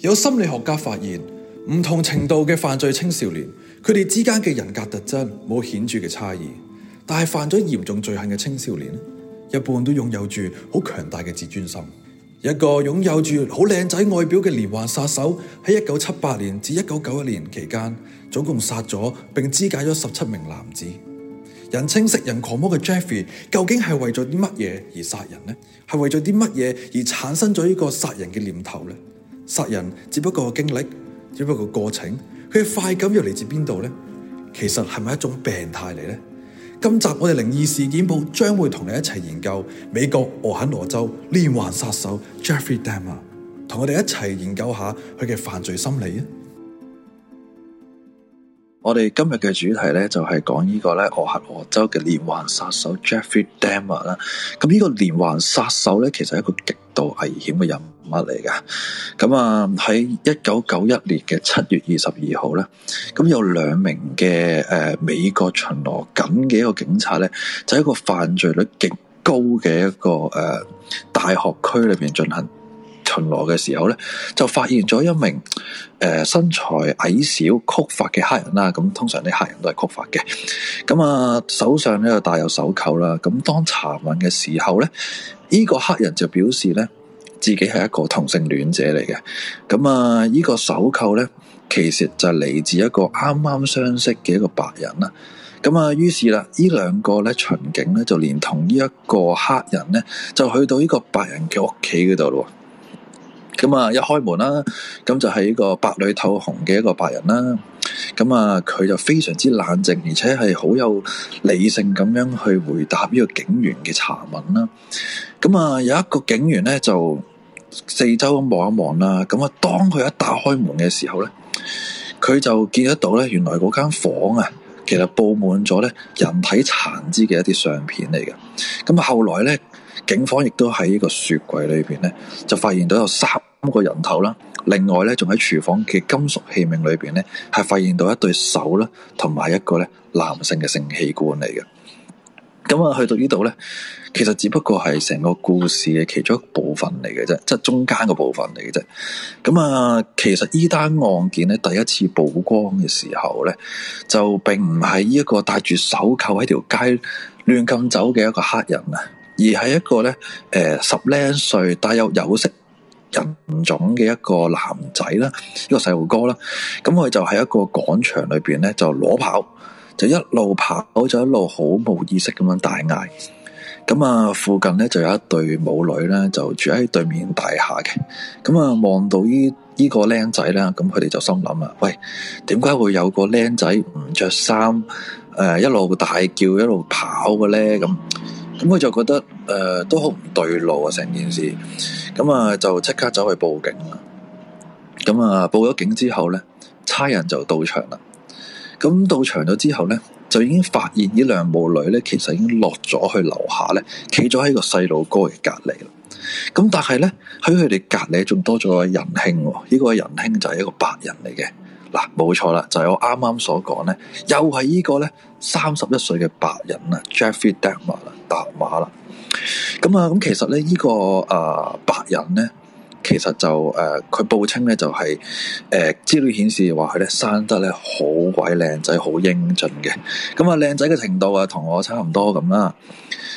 有心理學家發現，唔同程度嘅犯罪青少年，佢哋之間嘅人格特質冇顯著嘅差異。但係犯咗嚴重罪行嘅青少年，一般都擁有住好強大嘅自尊心。一個擁有住好靚仔外表嘅連環殺手，喺一九七八年至一九九一年期間，總共殺咗並肢解咗十七名男子。人稱食人狂魔嘅 Jeffrey，究竟係為咗啲乜嘢而殺人呢？係為咗啲乜嘢而產生咗呢個殺人嘅念頭呢？殺人只不過個經歷，只不過個過程，佢嘅快感又嚟自邊度呢？其實係咪一種病態嚟呢？今集我哋《靈異事件簿》將會同你一齊研究美國俄亥俄州連環殺手 Jeffrey Dahmer，同我哋一齊研究下佢嘅犯罪心理。我哋今日嘅主題咧，就係講呢個咧俄亥俄州嘅連環殺手 Jeffrey Dahmer 啦。咁呢個連環殺手咧，其實係一個極度危險嘅人物嚟噶。咁啊喺一九九一年嘅七月二十二號咧，咁有兩名嘅誒、呃、美國巡邏緊嘅一個警察咧，就喺、是、一個犯罪率極高嘅一個誒、呃、大學區裏邊進行。巡邏嘅時候咧，就發現咗一名誒、呃、身材矮小、曲髮嘅黑人啦。咁、啊、通常啲黑人都係曲髮嘅，咁啊手上咧就帶有手扣啦。咁、啊、當查問嘅時候咧，呢、這個黑人就表示咧自己係一個同性戀者嚟嘅。咁啊，呢、這個手扣咧其實就嚟自一個啱啱相識嘅一個白人啦。咁啊，於是啦，兩呢兩個咧巡警咧就連同呢一個黑人咧就去到呢個白人嘅屋企嗰度咯。咁啊，一開門啦，咁就係一個白裏透紅嘅一個白人啦。咁啊，佢就非常之冷靜，而且係好有理性咁樣去回答呢個警員嘅查問啦。咁啊，有一個警員咧，就四周咁望一望啦。咁啊，當佢一打開門嘅時候咧，佢就見得到咧，原來嗰間房啊，其實佈滿咗咧人體殘肢嘅一啲相片嚟嘅。咁啊，後來咧。警方亦都喺呢個雪櫃裏邊咧，就發現到有三個人頭啦。另外咧，仲喺廚房嘅金屬器皿裏邊咧，係發現到一對手啦，同埋一個咧男性嘅性器官嚟嘅。咁啊，去到呢度咧，其實只不過係成個故事嘅其中一部分嚟嘅啫，即係中間嘅部分嚟嘅啫。咁啊，其實呢單案件咧，第一次曝光嘅時候咧，就並唔係呢一個戴住手銬喺條街亂咁走嘅一個黑人啊。而係一個咧，誒、呃、十靚歲帶有有色人種嘅一個男仔啦，一個細路哥啦。咁佢就喺一個廣場裏邊咧，就裸跑，就一路跑，就一路好冇意識咁樣大嗌。咁啊，附近咧就有一對母女咧，就住喺對面大廈嘅。咁啊，望到、這個、呢呢個靚仔啦，咁佢哋就心諗啊，喂，點解會有個靚仔唔着衫，誒、呃、一路大叫一路跑嘅咧？咁咁佢就覺得誒、都好唔對路啊，成、呃、件事，咁啊就即刻走去報警啦。咁啊報咗警之後咧，差人就到場啦。咁到場咗之後咧，就已經發現呢兩母女咧，其實已經落咗去樓下咧，企咗喺個細路哥嘅隔籬啦。咁但係咧喺佢哋隔籬仲多咗、個仁兄，呢個仁兄就係一個白人嚟嘅，嗱冇錯啦，就係、是、我啱啱所講咧，又係呢個咧三十一歲嘅白人啊。Jeffrey Dahmer 啦。白馬啦，咁、嗯、啊，咁其實咧、這個，呢個啊白人咧，其實就誒，佢、呃、報稱咧就係、是、誒、呃、資料顯示話佢咧生得咧好鬼靚仔，好英俊嘅。咁、嗯、啊，靚仔嘅程度啊，同我差唔多咁啦。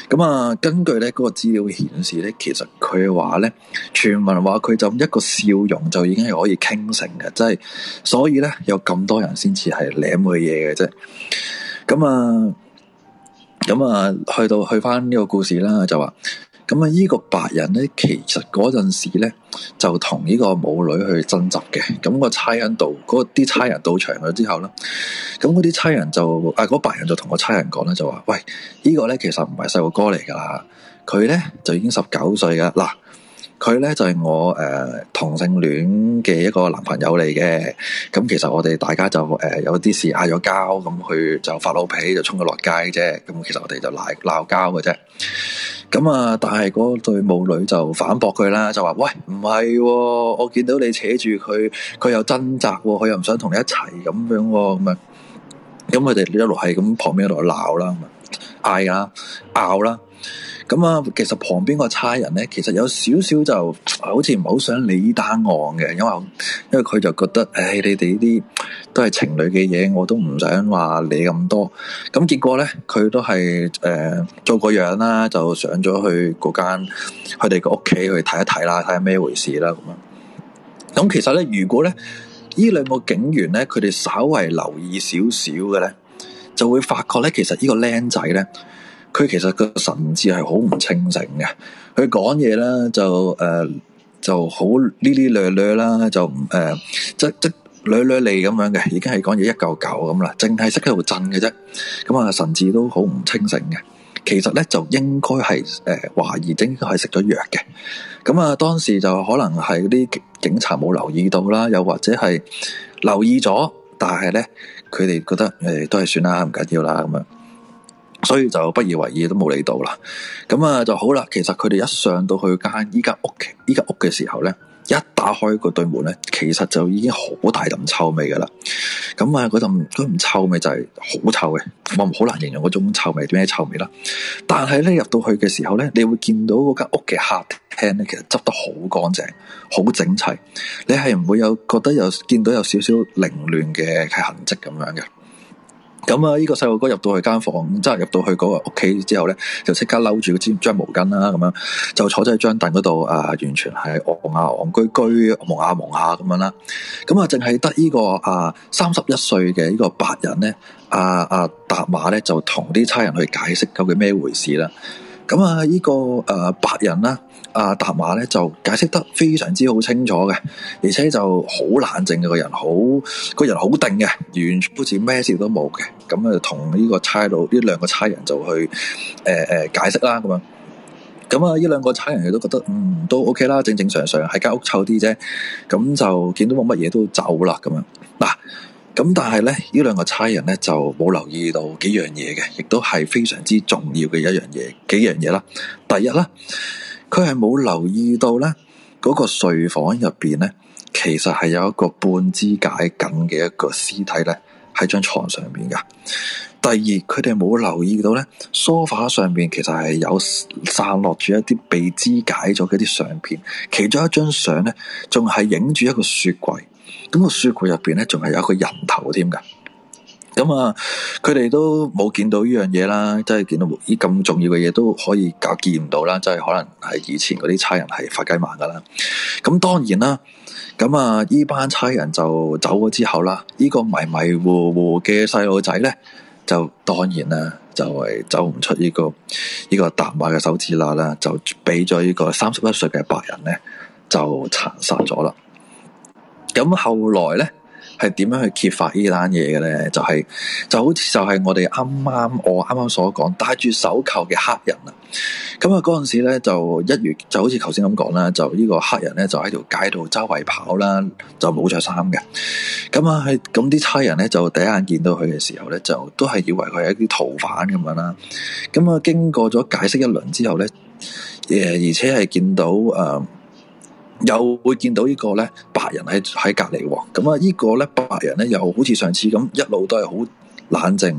咁、嗯、啊，根據咧嗰個資料顯示咧，其實佢話咧，傳聞話佢就一個笑容就已經係可以傾城嘅，即係所以咧，有咁多人先至係舐妹嘢嘅啫。咁、嗯、啊～、嗯咁啊，去到去翻呢個故事啦，就話咁啊，呢個白人咧，其實嗰陣時咧就同呢個母女去爭執嘅。咁、個差人度嗰啲差人到場咗之後咧，咁嗰啲差人就啊，嗰、個、白人就同個差人講咧，就話：喂，呢個、呢個咧其實唔係細路哥嚟噶啦，佢咧就已經十九歲噶啦。佢咧就係、是、我誒、呃、同性戀嘅一個男朋友嚟嘅，咁、嗯、其實我哋大家就誒、呃、有啲事嗌咗交，咁、嗯、佢就發老脾，就衝佢落街啫，咁、嗯、其實我哋就鬧鬧交嘅啫。咁啊、嗯，但係嗰對母女就反駁佢啦，就話：喂，唔係、啊，我見到你扯住佢，佢又掙扎，佢又唔想同你一齊咁樣，咁、嗯、啊，咁佢哋一路係咁旁邊度鬧啦，嗌啦，拗啦。咁啊，其實旁邊個差人咧，其實有少少就好似唔好想理呢單案嘅，因為因為佢就覺得，唉、哎，你哋呢啲都係情侶嘅嘢，我都唔想話理咁多。咁結果咧，佢都係誒、呃、做個樣啦，就上咗去嗰間佢哋個屋企去睇一睇啦，睇下咩回事啦咁樣。咁其實咧，如果咧呢兩個警員咧，佢哋稍為留意少少嘅咧，就會發覺咧，其實個呢個僆仔咧。佢其實個神智係好唔清醒嘅，佢講嘢咧就誒、呃、就好呢呢略略啦，就誒即即略略嚟，咁樣嘅，已經係講嘢一嚿嚿咁啦，淨係識喺度震嘅啫。咁、嗯、啊神智都好唔清醒嘅，其實咧就應該係誒、呃、懷疑，應該係食咗藥嘅。咁、嗯、啊當時就可能係啲警察冇留意到啦，又或者係留意咗，但係咧佢哋覺得誒、呃、都係算啦，唔緊要啦咁啊。所以就不以為意，都冇理到啦，咁啊就好啦。其實佢哋一上到去間呢間屋嘅呢間屋嘅時候呢，一打開個對門呢，其實就已經好大陣臭味噶啦。咁啊，嗰陣嗰陣臭味就係好臭嘅，我唔好難形容嗰種臭味點樣臭味啦。但係呢，入到去嘅時候呢，你會見到嗰間屋嘅客廳呢，其實執得好乾淨，好整齊。你係唔會有覺得有見到有，見到有少少凌亂嘅痕跡咁樣嘅。咁啊，呢個細路哥入到去間房，即係入到去嗰個屋企之後咧，就即刻嬲住個張張毛巾啦，咁樣就坐咗喺張凳嗰度啊，完全係戇下戇居居，望下望下咁樣啦。咁啊，淨係得呢個啊三十一歲嘅呢個白人咧，啊啊達馬咧就同啲差人去解釋究竟咩回事啦。咁啊，呢個誒白人啦，阿達馬咧就解釋得非常之好清楚嘅，而且就好冷靜嘅個人，好個人好定嘅，完全好似咩事都冇嘅。咁啊，同呢個差佬呢兩個差人就去誒誒、呃、解釋啦，咁樣。咁啊，呢兩個差人亦都覺得嗯都 OK 啦，正正常常喺間屋臭啲啫。咁就見到冇乜嘢都走啦，咁樣嗱。啊咁但係咧，呢兩個差人咧就冇留意到幾樣嘢嘅，亦都係非常之重要嘅一樣嘢，幾樣嘢啦。第一啦，佢係冇留意到咧嗰個睡房入邊咧，其實係有一個半肢解緊嘅一個屍體咧，喺張床上邊噶。第二，佢哋冇留意到咧，梳化上面其實係有散落住一啲被肢解咗嘅啲相片，其中一張相咧仲係影住一個雪櫃。咁個書櫃入邊咧，仲係有一個人頭添噶。咁啊，佢哋都冇見到呢樣嘢啦，即係見到依咁重要嘅嘢，都可以搞見唔到啦，即係可能係以前嗰啲差人係發雞盲噶啦。咁當然啦，咁啊，呢班差人就走咗之後啦，呢、這個迷迷糊糊嘅細路仔咧，就當然啦，就係、是、走唔出呢、這個呢、這個達馬嘅手指罅啦，咧就俾咗呢個三十一歲嘅白人咧就殘殺咗啦。咁後來咧，係點樣去揭發呢單嘢嘅咧？就係、是、就好似就係我哋啱啱我啱啱所講，戴住手銬嘅黑人啦。咁啊嗰陣時咧，就一月就好似頭先咁講啦，就呢個黑人咧就喺條街度周圍跑啦，就冇着衫嘅。咁啊，咁啲差人咧就第一眼見到佢嘅時候咧，就都係以為佢係一啲逃犯咁樣啦。咁啊，經過咗解釋一輪之後咧，誒，而且係見到誒、呃，又會見到個呢個咧。人喺喺隔籬，咁啊呢個咧白人咧，又好似上次咁，一路都係好冷靜、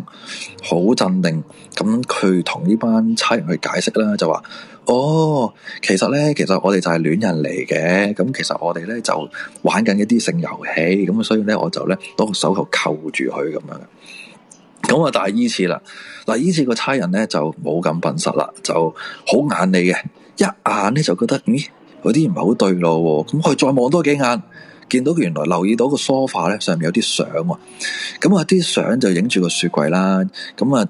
好鎮定。咁佢同呢班差人去解釋啦，就話：哦，其實咧，其實我哋就係戀人嚟嘅。咁其實我哋咧就玩緊一啲性遊戲。咁所以咧，我就咧攞個手球扣住佢咁樣。咁啊，但係呢次啦，嗱呢次個差人咧就冇咁笨實啦，就好眼利嘅，一眼咧就覺得咦？嗰啲唔係好對路喎，咁佢再望多幾眼，見到原來留意到個梳化咧上面有啲相喎，咁啊啲相就影住個雪櫃啦，咁啊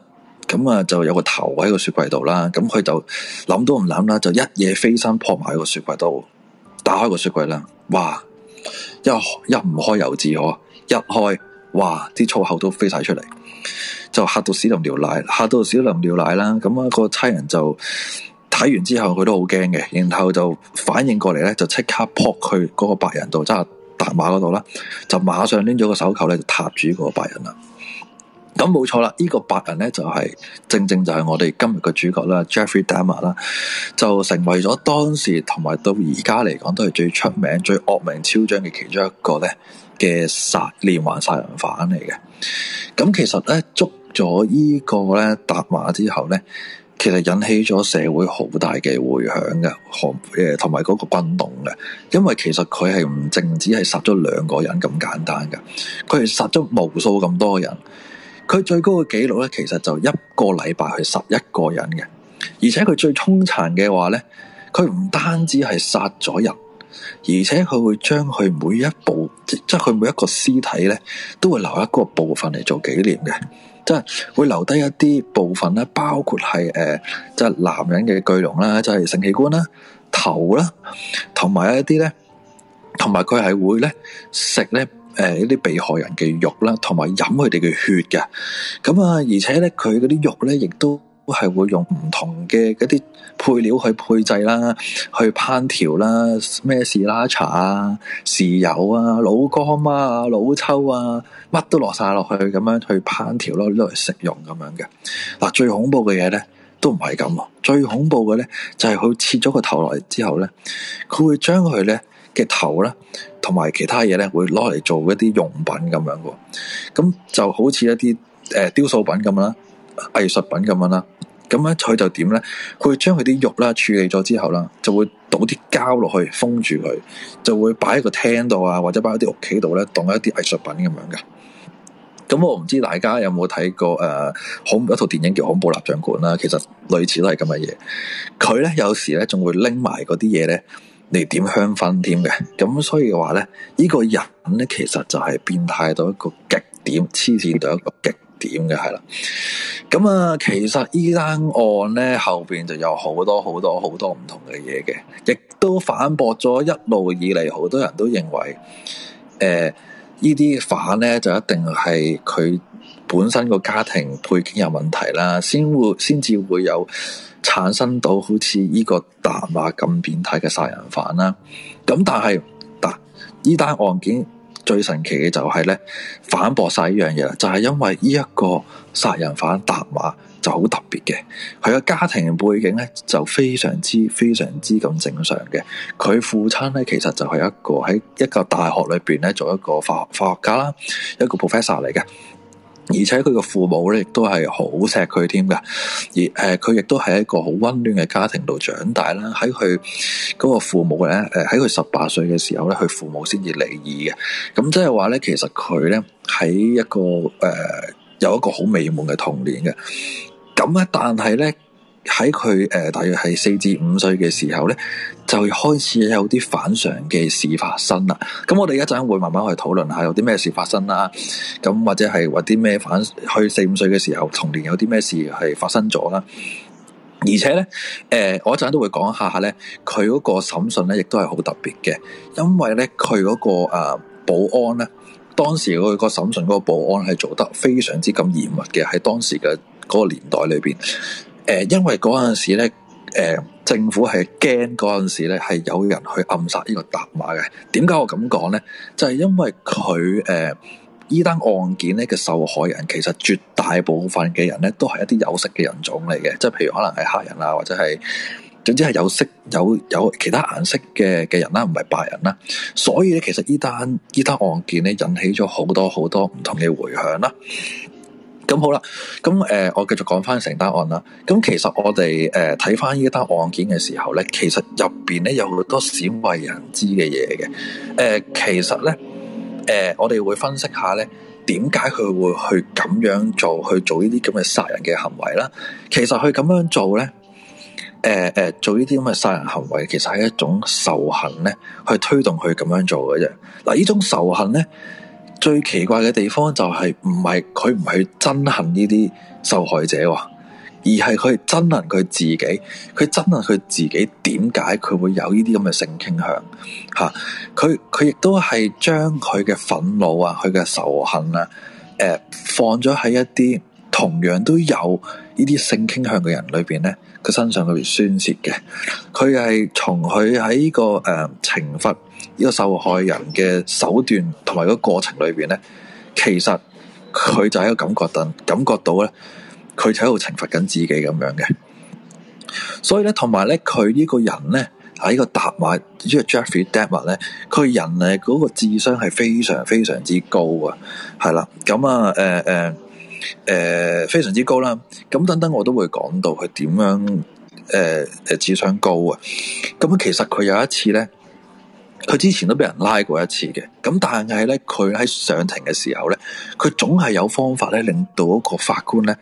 咁啊就有個頭喺個雪櫃度啦，咁佢就諗都唔諗啦，就一夜飛身撲埋個雪櫃度，打開個雪櫃啦，哇！一一唔開油紙呵，一開哇啲粗口都飛晒出嚟，就嚇到屎淋尿瀨，嚇到屎淋尿瀨啦，咁啊個差人就～睇完之後佢都好驚嘅，然後就反應過嚟咧，就即刻撲去嗰個白人度，即係達馬嗰度啦，就馬上拎咗個手扣咧，就踏住呢個白人啦。咁、嗯、冇、嗯、錯啦，呢、這個白人咧就係、是、正正就係我哋今日嘅主角啦，Jeffrey Dahmer 啦，mer, 就成為咗當時同埋到而家嚟講都係最出名、最惡名昭彰嘅其中一個咧嘅殺連環殺人犯嚟嘅。咁其實咧捉咗呢個咧達馬之後咧。其實引起咗社會好大嘅回響嘅，同誒同埋嗰個轟動嘅，因為其實佢係唔淨止係殺咗兩個人咁簡單嘅，佢係殺咗無數咁多人。佢最高嘅紀錄咧，其實就一個禮拜去殺一個人嘅，而且佢最兇殘嘅話咧，佢唔單止係殺咗人，而且佢會將佢每一步，即係即係佢每一個屍體咧，都會留一個部分嚟做紀念嘅。即係會留低一啲部分咧，包括係誒、呃，即係男人嘅巨龍啦，即係性器官啦、頭啦，同埋一啲咧，同埋佢係會咧食咧誒一啲被害人嘅肉啦，同埋飲佢哋嘅血嘅。咁啊，而且咧佢嗰啲肉咧，亦都係會用唔同嘅嗰啲配料去配製啦，去烹調啦，咩士拉茶啊、豉油啊、老薑啊、老抽啊。乜都落晒落去咁樣去烹調咯，攞嚟食用咁樣嘅。嗱，最恐怖嘅嘢咧，都唔係咁。最恐怖嘅咧，就係、是、佢切咗個頭落嚟之後咧，佢會將佢咧嘅頭咧，同埋其他嘢咧，會攞嚟做一啲用品咁樣嘅。咁就好似一啲誒、呃、雕塑品咁樣啦，藝術品咁樣啦。咁咧，佢就點咧？佢會將佢啲肉啦處理咗之後啦，就會倒啲膠落去封住佢，就會擺喺個廳度啊，或者擺喺啲屋企度咧，當一啲藝術品咁樣嘅。咁、嗯、我唔知大家有冇睇過誒，恐、呃、一套電影叫《恐怖蠟像館》啦、啊，其實類似都係咁嘅嘢。佢咧有時咧仲會拎埋嗰啲嘢咧嚟點香薰添嘅。咁、嗯、所以話咧，呢、呢個人咧其實就係變態到一個極點，黐線到一個極點嘅係啦。咁啊、嗯嗯，其實呢單案咧後邊就有好多好多好多唔同嘅嘢嘅，亦都反駁咗一路以嚟好多人都認為誒。呃呢啲犯咧就一定係佢本身個家庭背景有問題啦，先會先至會有產生到好似呢個 Dahmer 咁變態嘅殺人犯啦。咁、嗯、但係嗱呢單案件最神奇嘅就係咧，反駁晒呢樣嘢啦，就係、是、因為呢一個殺人犯 Dahmer。就好特別嘅，佢個家庭背景咧就非常之非常之咁正常嘅。佢父親咧其實就係一個喺一個大學裏邊咧做一個化化學家啦，一個 professor 嚟嘅。而且佢個父母咧亦都係好錫佢添㗎。而誒佢、呃、亦都係一個好溫暖嘅家庭度長大啦。喺佢嗰個父母咧誒喺佢十八歲嘅時候咧，佢父母先至離異嘅。咁、嗯、即係話咧，其實佢咧喺一個誒、呃、有一個好美滿嘅童年嘅。咁咧，但係咧喺佢誒，大約係四至五歲嘅時候咧，就開始有啲反常嘅事發生啦。咁我哋一陣會，會慢慢去討論下有啲咩事發生啦。咁或者係或啲咩反去四五歲嘅時候，童年有啲咩事係發生咗啦？而且咧，誒、呃，我一陣都會講下下咧，佢嗰個審訊咧，亦都係好特別嘅，因為咧佢嗰個誒、呃、保安咧，當時佢個審訊嗰個保安係做得非常之咁嚴密嘅，喺當時嘅。嗰個年代裏邊，誒、呃，因為嗰陣時咧，誒、呃，政府係驚嗰陣時咧係有人去暗殺呢個達馬嘅。點解我咁講咧？就係、是、因為佢誒呢單案件咧嘅受害人其實絕大部分嘅人咧都係一啲有色嘅人種嚟嘅，即係譬如可能係黑人啊，或者係總之係有色、有有其他顏色嘅嘅人啦，唔係白人啦。所以咧，其實呢單呢單案件咧引起咗好多好多唔同嘅回響啦。咁好啦，咁誒、呃，我繼續講翻成單案啦。咁其實我哋誒睇翻呢一單案件嘅時候咧，其實入邊咧有好多鮮為人知嘅嘢嘅。誒、呃，其實咧，誒、呃，我哋會分析下咧，點解佢會去咁樣做，去做呢啲咁嘅殺人嘅行為啦。其實佢咁樣做咧，誒、呃、誒，做呢啲咁嘅殺人行為，其實係一種仇恨咧，去推動佢咁樣做嘅啫。嗱，呢種仇恨咧。最奇怪嘅地方就係唔係，佢唔係憎恨呢啲受害者，而係佢憎恨佢自己，佢憎恨佢自己點解佢會有呢啲咁嘅性傾向？吓、啊，佢佢亦都係將佢嘅憤怒啊，佢嘅仇恨啦、啊，誒、啊，放咗喺一啲同樣都有呢啲性傾向嘅人裏邊咧，佢身上裏邊宣洩嘅。佢係從佢喺呢個誒懲罰。呃呢個受害人嘅手段同埋個過程裏邊咧，其實佢就喺個感覺等感覺到咧，佢就喺度懲罰緊自己咁樣嘅。所以咧，同埋咧，佢呢個人咧喺、這個達默，呢、這個 Jeffrey Dahmer 咧，佢人誒嗰個智商係非常非常之高啊，係啦，咁、嗯、啊，誒誒誒，非常之高啦。咁等等，我都會講到佢點樣，誒、呃、誒，智商高啊。咁其實佢有一次咧。佢之前都俾人拉過一次嘅，咁但係咧，佢喺上庭嘅時候咧，佢總係有方法咧，令到一個法官咧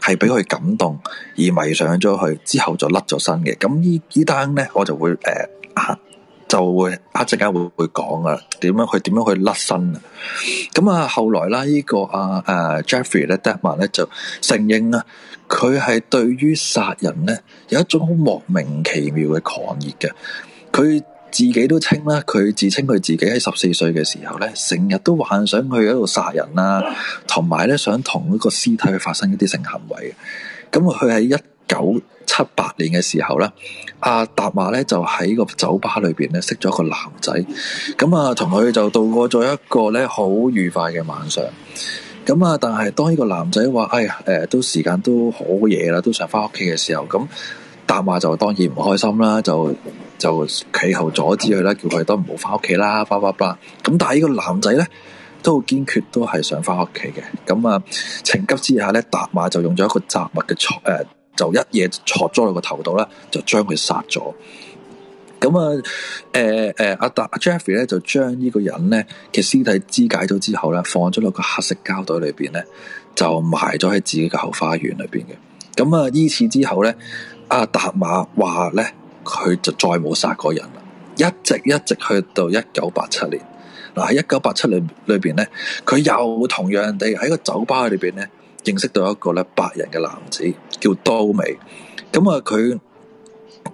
係俾佢感動而迷上咗佢，之後就甩咗身嘅。咁、嗯、呢依單咧，我就會誒、呃，就會一陣間會會講啊，點樣去點樣去甩身啊？咁、嗯、啊，後來啦，這個啊啊、Jeffrey，呢個阿誒 Jeffrey 咧，Dahmer 咧就承認啊，佢係對於殺人咧有一種好莫名其妙嘅狂熱嘅，佢。自己都稱啦，佢自稱佢自己喺十四歲嘅時候咧，成日都幻想去喺度殺人啦、啊，同埋咧想同一個屍體去發生一啲性行為嘅。咁佢喺一九七八年嘅時候咧，阿、啊、達馬咧就喺個酒吧裏邊咧識咗一個男仔，咁啊同佢就度過咗一個咧好愉快嘅晚上。咁啊，但係當呢個男仔話，哎呀，誒、呃、都時間都好嘢啦，都想返屋企嘅時候，咁達馬就當然唔開心啦，就。就企後阻止佢啦，叫佢都唔好翻屋企啦，叭叭叭，咁但係呢個男仔咧，都堅決都係想翻屋企嘅。咁啊、呃，情急之下咧，達馬就用咗一個雜物嘅錯誒，就一嘢戳咗落個頭度啦，就將佢殺咗。咁啊，誒、呃、誒，阿達阿 Jeffrey 咧就將呢個人咧嘅屍體肢解咗之後咧，放咗落個黑色膠袋裏邊咧，就埋咗喺自己嘅後花園裏邊嘅。咁啊，依次之後咧，阿達馬話咧。佢就再冇殺過人啦，一直一直去到一九八七年。嗱、啊，一九八七年裏邊咧，佢又同樣地喺個酒吧裏邊咧，認識到一個咧白人嘅男子叫刀美。咁、嗯、啊，佢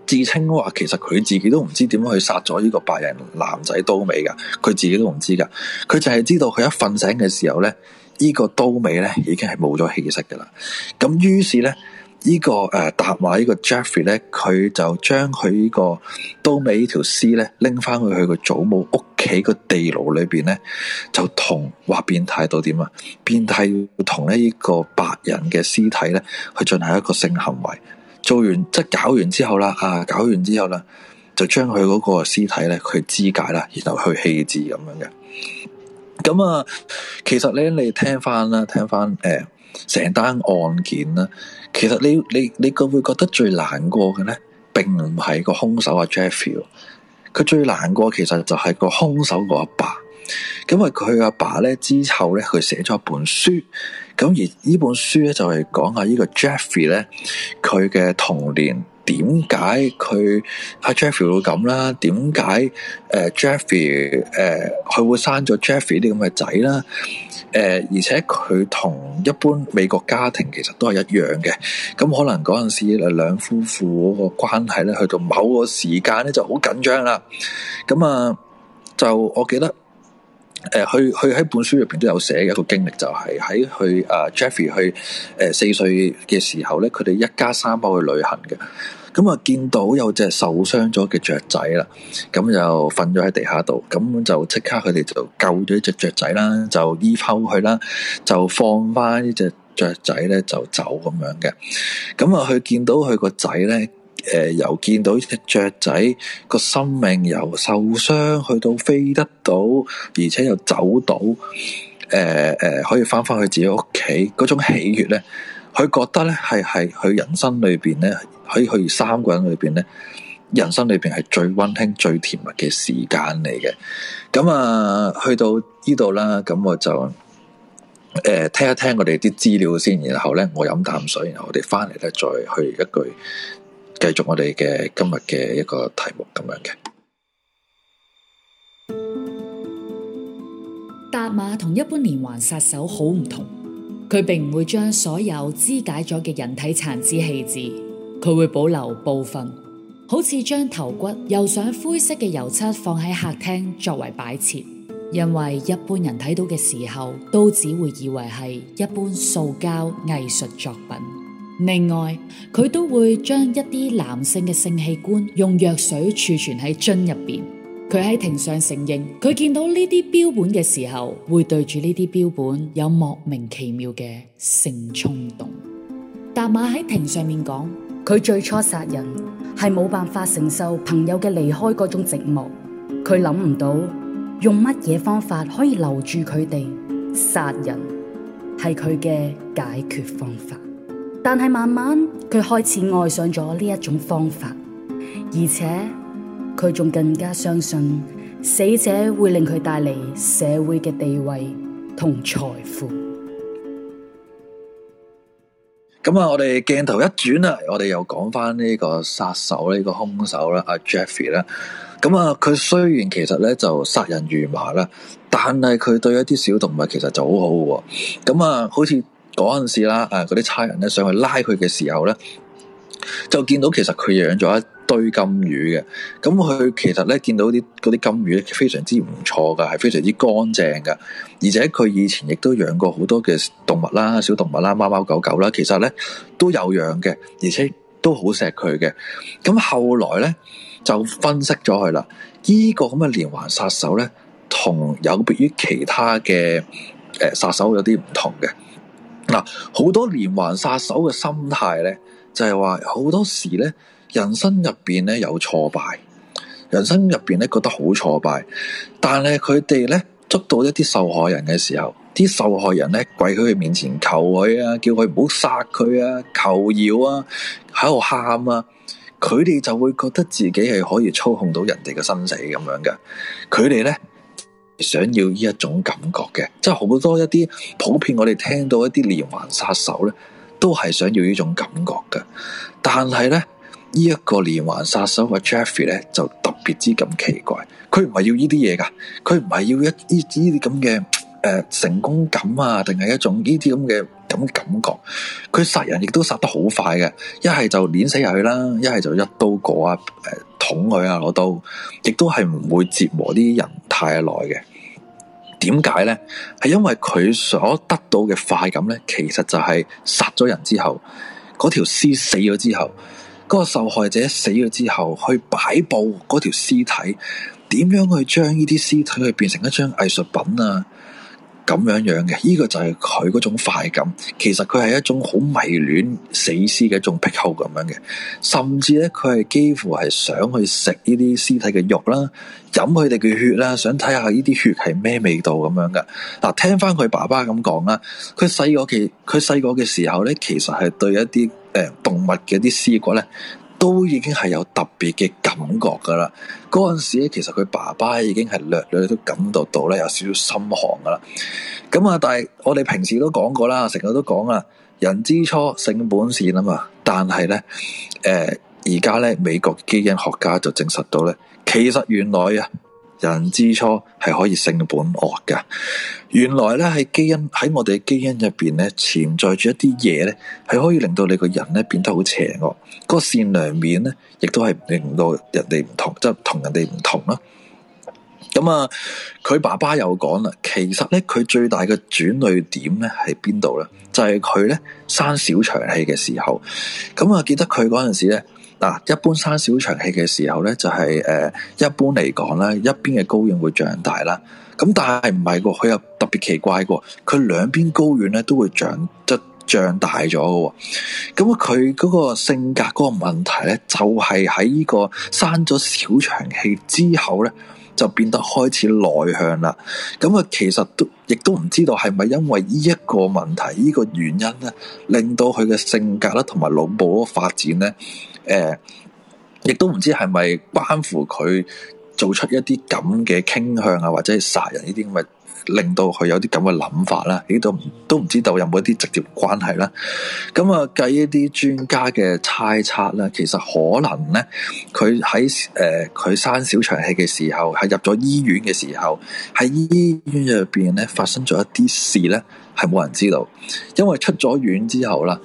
自稱話其實佢自己都唔知點樣去殺咗呢個白人男仔刀美噶，佢自己都唔知噶。佢淨係知道佢一瞓醒嘅時候咧，呢、這個刀美咧已經係冇咗氣息噶啦。咁、嗯、於是咧。這個呃、個呢個誒，搭話呢個 Jeffrey 咧，佢就將佢呢個刀尾條呢條屍咧，拎翻去佢個祖母屋企個地牢裏邊咧，就同或變態到點啊？變態同咧呢個白人嘅屍體咧，去進行一個性行為，做完即係搞完之後啦，啊，搞完之後啦，就將佢嗰個屍體咧，去肢解啦，然後去棄置咁樣嘅。咁啊，其實咧，你聽翻啦，聽翻誒，成、呃、單案件啦。其實你你你個會覺得最難過嘅咧，並唔係個凶手阿 Jeffrey，佢最難過其實就係個凶手個阿爸，咁啊佢阿爸咧之後咧，佢寫咗一本書，咁而呢本書咧就係講下呢個 Jeffrey 咧佢嘅童年。點解佢阿 Jeffrey 會咁啦？點解誒 Jeffrey 誒、呃、佢會生咗 Jeffrey 啲咁嘅仔啦？誒、呃、而且佢同一般美國家庭其實都係一樣嘅，咁可能嗰陣時兩夫婦嗰個關係咧，去到某個時間咧就好緊張啦。咁啊，就我記得。誒，佢佢喺本書入邊都有寫一個經歷，就是，就係喺佢誒 Jeffrey 去誒四歲嘅時候咧，佢哋一家三口去旅行嘅。咁啊見到有隻受傷咗嘅雀仔啦，咁就瞓咗喺地下度，咁就即刻佢哋就救咗一隻雀仔啦，就依剖佢啦，就放翻呢隻雀仔咧就走咁樣嘅，咁啊佢見到佢個仔咧。誒、呃，由見到隻雀仔個生命由受傷去到飛得到，而且又走到，誒、呃、誒、呃，可以翻翻去自己屋企，嗰種喜悦咧，佢覺得咧係係佢人生裏邊咧，可以去三個人裏邊咧，人生裏邊係最溫馨、最甜蜜嘅時間嚟嘅。咁啊，去到呢度啦，咁我就誒、呃、聽一聽我哋啲資料先，然後咧我飲啖水，然後我哋翻嚟咧再去一句。繼續我哋嘅今日嘅一個題目咁樣嘅。達馬同一般連環殺手好唔同，佢並唔會將所有肢解咗嘅人體殘肢棄置，佢會保留部分，好似將頭骨又上灰色嘅油漆放喺客廳作為擺設，因為一般人睇到嘅時候都只會以為係一般塑膠藝術作品。另外，佢都會將一啲男性嘅性器官用藥水儲存喺樽入面。佢喺庭上承認，佢見到呢啲標本嘅時候，會對住呢啲標本有莫名其妙嘅性衝動。達馬喺庭上面講，佢最初殺人係冇辦法承受朋友嘅離開嗰種寂寞，佢諗唔到用乜嘢方法可以留住佢哋，殺人係佢嘅解決方法。但係慢慢，佢開始愛上咗呢一種方法，而且佢仲更加相信死者會令佢帶嚟社會嘅地位同財富。咁啊，我哋鏡頭一轉啦，我哋又講翻呢個殺手呢、呢個兇手啦，阿、啊、Jeffrey 啦。咁啊，佢雖然其實咧就殺人如麻啦，但係佢對一啲小動物其實就好好、啊、嘅。咁啊，好似。嗰陣時啦，誒嗰啲差人咧上去拉佢嘅時候咧，就見到其實佢養咗一堆金魚嘅。咁佢其實咧見到啲啲金魚非常之唔錯㗎，係非常之乾淨㗎。而且佢以前亦都養過好多嘅動物啦、小動物啦、貓貓狗狗啦，其實咧都有養嘅，而且都好錫佢嘅。咁後來咧就分析咗佢啦，依、這個咁嘅連環殺手咧，同有別於其他嘅誒、呃、殺手有啲唔同嘅。嗱，好多連環殺手嘅心態咧，就係話好多時咧，人生入邊咧有挫敗，人生入邊咧覺得好挫敗，但係佢哋咧捉到一啲受害人嘅時候，啲受害人咧跪喺佢面前求佢啊，叫佢唔好殺佢啊，求饒啊，喺度喊啊，佢哋就會覺得自己係可以操控到人哋嘅生死咁樣嘅，佢哋咧。想要呢一種感覺嘅，即係好多一啲普遍我哋聽到一啲連環殺手咧，都係想要呢種感覺嘅。但係咧，呢、這、一個連環殺手個 Jeffrey 咧，就特別之咁奇怪，佢唔係要呢啲嘢噶，佢唔係要一呢呢啲咁嘅。這成功感啊，定係一種呢啲咁嘅咁感覺。佢殺人亦都殺得好快嘅，一係就碾死入去啦，一係就一刀過啊，誒、呃，捅佢啊，攞刀，亦都係唔會折磨啲人太耐嘅。點解呢？係因為佢所得到嘅快感呢，其實就係殺咗人之後，嗰條屍死咗之後，嗰、嗰個受害者死咗之後，去擺佈嗰條屍體，點樣去將呢啲屍體去變成一張藝術品啊？咁樣樣嘅，呢個就係佢嗰種快感。其實佢係一種好迷戀死屍嘅一種癖好咁樣嘅，甚至咧佢係幾乎係想去食呢啲屍體嘅肉啦，飲佢哋嘅血啦，想睇下呢啲血係咩味道咁樣嘅。嗱，聽翻佢爸爸咁講啦，佢細個嘅佢細個嘅時候咧，其實係對一啲誒、呃、動物嘅啲屍骨咧。都已經係有特別嘅感覺噶啦，嗰陣時咧，其實佢爸爸已經係略略都感覺到咧有少少心寒噶啦。咁啊，但係我哋平時都講過啦，成日都講啊，人之初性本善啊嘛。但係咧，誒而家咧，美國基因學家就證實到咧，其實原來啊。人之初係可以性本惡噶，原來咧係基因喺我哋基因入邊咧，潛在住一啲嘢咧，係可以令到你個人咧變得好邪惡。個善良面咧，亦都係令到人哋唔同，即係同人哋唔同啦。咁啊，佢爸爸又講啦，其實咧佢最大嘅轉捩點咧係邊度咧？就係佢咧生小腸氣嘅時候。咁啊，記得佢嗰陣時咧。嗱、啊，一般生小腸氣嘅時候咧，就係、是、誒、呃，一般嚟講咧，一邊嘅睾丸會長大啦。咁但係唔係喎，佢又特別奇怪嘅，佢兩邊睾丸咧都會長，即係長大咗嘅。咁、嗯、啊，佢嗰個性格嗰個問題咧，就係喺呢個生咗小腸氣之後咧，就變得開始內向啦。咁、嗯、啊，其實都亦都唔知道係咪因為呢一個問題，呢、這個原因咧，令到佢嘅性格咧，同埋腦部嗰個發展咧。誒，亦都唔知係咪關乎佢做出一啲咁嘅傾向啊，或者係殺人呢啲咁，咪令到佢有啲咁嘅諗法啦、啊？呢度都唔知道有冇一啲直接關係啦。咁啊，計、嗯啊、一啲專家嘅猜測啦、啊，其實可能咧，佢喺誒佢生小腸氣嘅時候，係入咗醫院嘅時候，喺醫院入邊咧發生咗一啲事咧，係冇人知道，因為出咗院之後啦。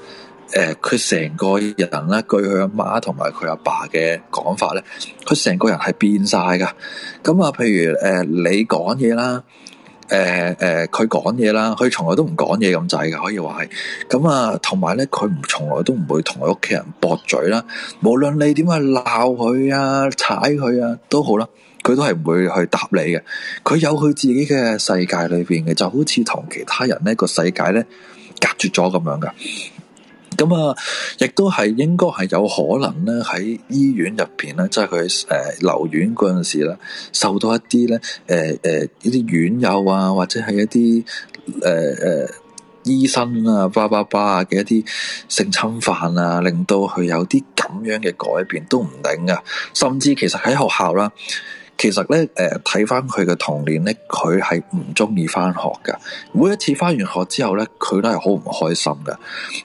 誒，佢成、呃、個人咧，據佢阿媽同埋佢阿爸嘅講法咧，佢成個人係變晒噶。咁啊，譬如誒、呃，你講嘢啦，誒、呃、誒，佢講嘢啦，佢從來都唔講嘢咁滯噶，可以話係咁啊。同埋咧，佢唔從來都唔會同佢屋企人駁嘴啦。無論你點去鬧佢啊，踩佢啊，都好啦，佢都係唔會去答你嘅。佢有佢自己嘅世界裏邊嘅，就好似同其他人咧個世界咧隔絕咗咁樣噶。咁啊，亦都係應該係有可能咧，喺醫院入邊咧，即係佢誒留院嗰陣時咧，受到一啲咧誒誒一啲院友啊，或者係一啲誒誒醫生啊、巴巴巴啊嘅一啲性侵犯啊，令到佢有啲咁樣嘅改變都唔定㗎，甚至其實喺學校啦。其實咧，誒、呃，睇翻佢嘅童年咧，佢係唔中意翻學嘅。每一次翻完學之後咧，佢都係好唔開心嘅。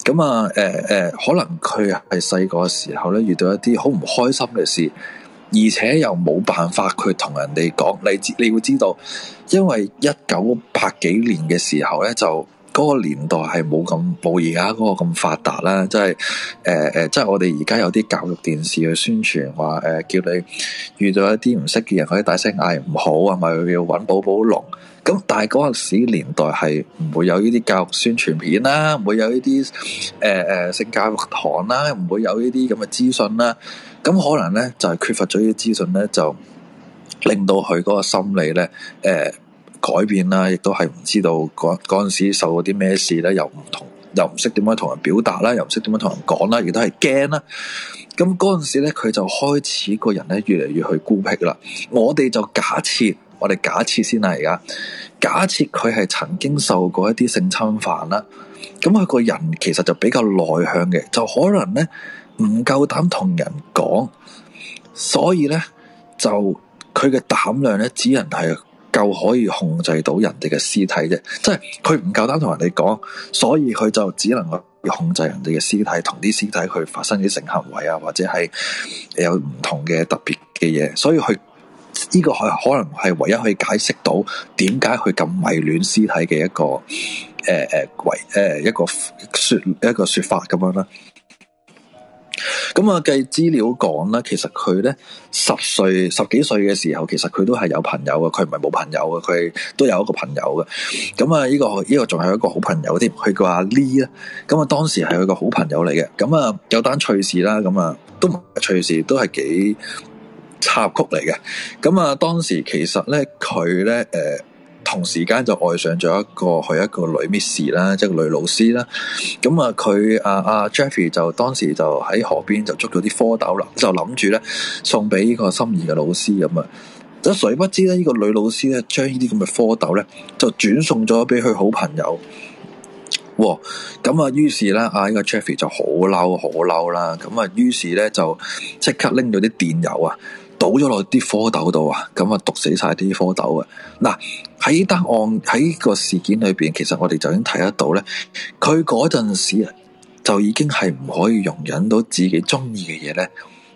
咁啊，誒、呃、誒、呃，可能佢啊係細個嘅時候咧，遇到一啲好唔開心嘅事，而且又冇辦法去同人哋講。你知你會知道，因為一九八幾年嘅時候咧就。嗰個年代係冇咁冇而家嗰個咁發達啦，即係誒誒，即係我哋而家有啲教育電視去宣傳話誒，叫你遇到一啲唔識嘅人，可以大聲嗌唔好啊，咪要揾寶寶龍。咁但係嗰陣時年代係唔會有呢啲教育宣傳片啦，唔會有呢啲誒誒性教育堂啦，唔會有呢啲咁嘅資訊啦。咁可能咧就係、是、缺乏咗啲資訊咧，就令到佢嗰個心理咧誒。呃改變啦，亦都係唔知道嗰嗰陣時受過啲咩事咧，又唔同，又唔識點樣同人表達啦，又唔識點樣同人講啦，亦都係驚啦。咁嗰陣時咧，佢就開始個人咧越嚟越去孤僻啦。我哋就假設，我哋假設先啦，而家假設佢係曾經受過一啲性侵犯啦，咁佢個人其實就比較內向嘅，就可能咧唔夠膽同人講，所以咧就佢嘅膽量咧，只能係，夠可以控制到人哋嘅屍體啫，即係佢唔夠膽同人哋講，所以佢就只能夠控制人哋嘅屍體，同啲屍體去發生啲性行為啊，或者係有唔同嘅特別嘅嘢，所以佢呢、這個係可能係唯一可以解釋到點解佢咁迷戀屍體嘅一個誒誒，唯、呃、誒、呃、一個說一個說法咁樣啦。咁、嗯、啊，計資料講啦，其實佢咧十歲十幾歲嘅時候，其實佢都係有朋友嘅，佢唔係冇朋友嘅，佢都有一個朋友嘅。咁、嗯、啊，呢、這個呢、這個仲係一個好朋友添，佢叫阿 Lee 啦。咁啊，當時係佢個好朋友嚟嘅。咁啊，有單趣事啦，咁啊，都唔係趣事都係幾插曲嚟嘅。咁啊，當時其實咧，佢咧誒。呃同時間就愛上咗一個佢一個女 miss 啦，即係個女老師啦。咁啊，佢啊啊 Jeffy 就當時就喺河邊就捉咗啲蝌蚪啦，就諗住咧送俾呢個心儀嘅老師咁啊。咁誰不知咧，呢個女老師咧將呢啲咁嘅蝌蚪咧就轉送咗俾佢好朋友喎，咁啊，於是咧啊，呢個 Jeffy 就好嬲好嬲啦。咁啊，於是咧就即刻拎咗啲電油啊！倒咗落啲蝌蚪度啊，咁啊毒死晒啲蝌蚪啊！嗱喺答案喺個事件裏邊，其實我哋就已經睇得到咧，佢嗰陣時啊就已經係唔可以容忍到自己中意嘅嘢咧，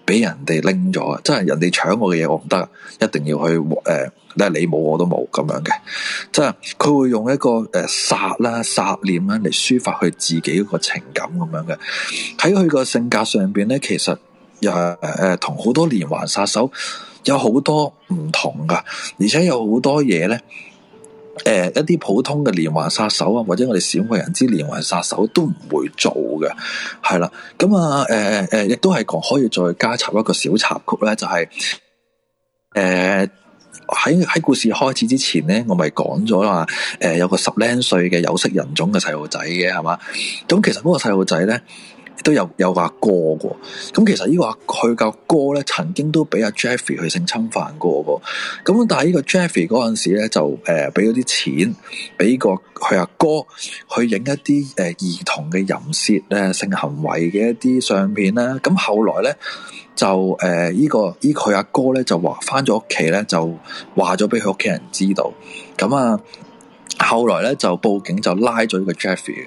俾人哋拎咗啊！即係人哋搶我嘅嘢，我唔得，啊，一定要去誒，即、呃、你冇我都冇咁樣嘅。即係佢會用一個誒殺啦、殺、呃、念啦嚟抒發佢自己個情感咁樣嘅。喺佢個性格上邊咧，其實。又係誒，同好多連環殺手有好多唔同噶而且有好多嘢咧，誒、呃，一啲普通嘅連環殺手啊，或者我哋鮮為人知連環殺手都唔會做嘅。係啦，咁啊，誒、呃、誒，亦都係講可以再加插一個小插曲咧，就係、是，誒、呃，喺喺故事開始之前咧，我咪講咗啦，誒、呃，有個十零歲嘅有色人種嘅細路仔嘅，係嘛，咁其實嗰個細路仔咧。都有有阿哥喎，咁其實呢個佢個哥咧，曾經都俾阿 Jeffrey 去性侵犯過個,個，咁但係呢個 Jeffrey 嗰陣時咧就誒俾咗啲錢，俾個佢阿哥,哥去影一啲誒、呃、兒童嘅淫褻咧性行為嘅一啲相片啦，咁、嗯、後來咧就誒呢、呃這個呢佢阿哥咧就話翻咗屋企咧就話咗俾佢屋企人知道，咁、嗯、啊後來咧就報警就拉咗呢個 Jeffrey 嘅。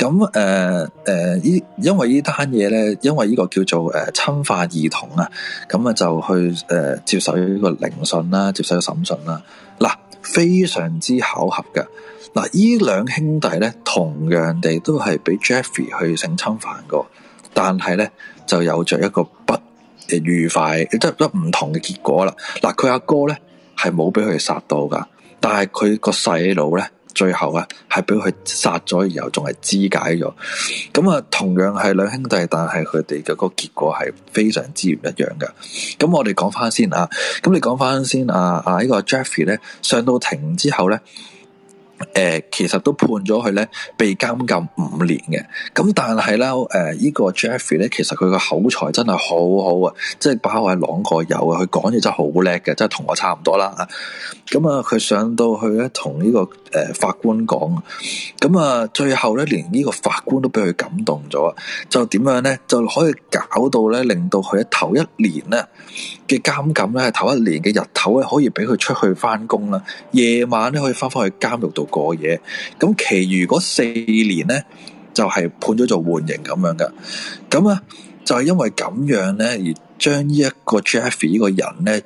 咁誒誒，依因為呢單嘢咧，因為呢因為個叫做誒、呃、侵犯兒童啊，咁啊就去誒接受呢個聆訊啦，接受審訊啦。嗱、啊，非常之巧合嘅，嗱、呃，呢兩兄弟咧，同樣地都係俾 Jeffrey 去性侵犯過，但係咧就有着一個不愉快，亦都不唔同嘅結果啦。嗱、呃，佢阿哥咧係冇俾佢哋殺到噶，但係佢個細佬咧。最後啊，係俾佢殺咗，然後仲係肢解咗。咁啊，同樣係兩兄弟，但係佢哋嘅嗰個結果係非常之唔一樣嘅。咁我哋講翻先啊，咁你講翻先啊啊！呢個 Jeffrey 咧，上到庭之後咧。誒、呃，其實都判咗佢咧，被監禁五年嘅。咁但係咧，誒、呃，這個、呢個 Jeffrey 咧，其實佢個口才真係好好啊，即係把口係朗過友啊。佢講嘢真係好叻嘅，真係同我差唔多啦。咁啊，佢上到去咧，同呢、這個誒、呃、法官講，咁啊，最後咧，連呢個法官都俾佢感動咗，就點樣咧，就可以搞到咧，令到佢喺頭一年咧嘅監禁咧，係頭一年嘅日頭咧，可以俾佢出去翻工啦，夜晚咧可以翻返去監獄度。過嘢，咁其餘嗰四年咧就係、是、判咗做緩刑咁樣噶。咁啊就係因為咁樣咧而將呢一個 Jeffery 呢個人咧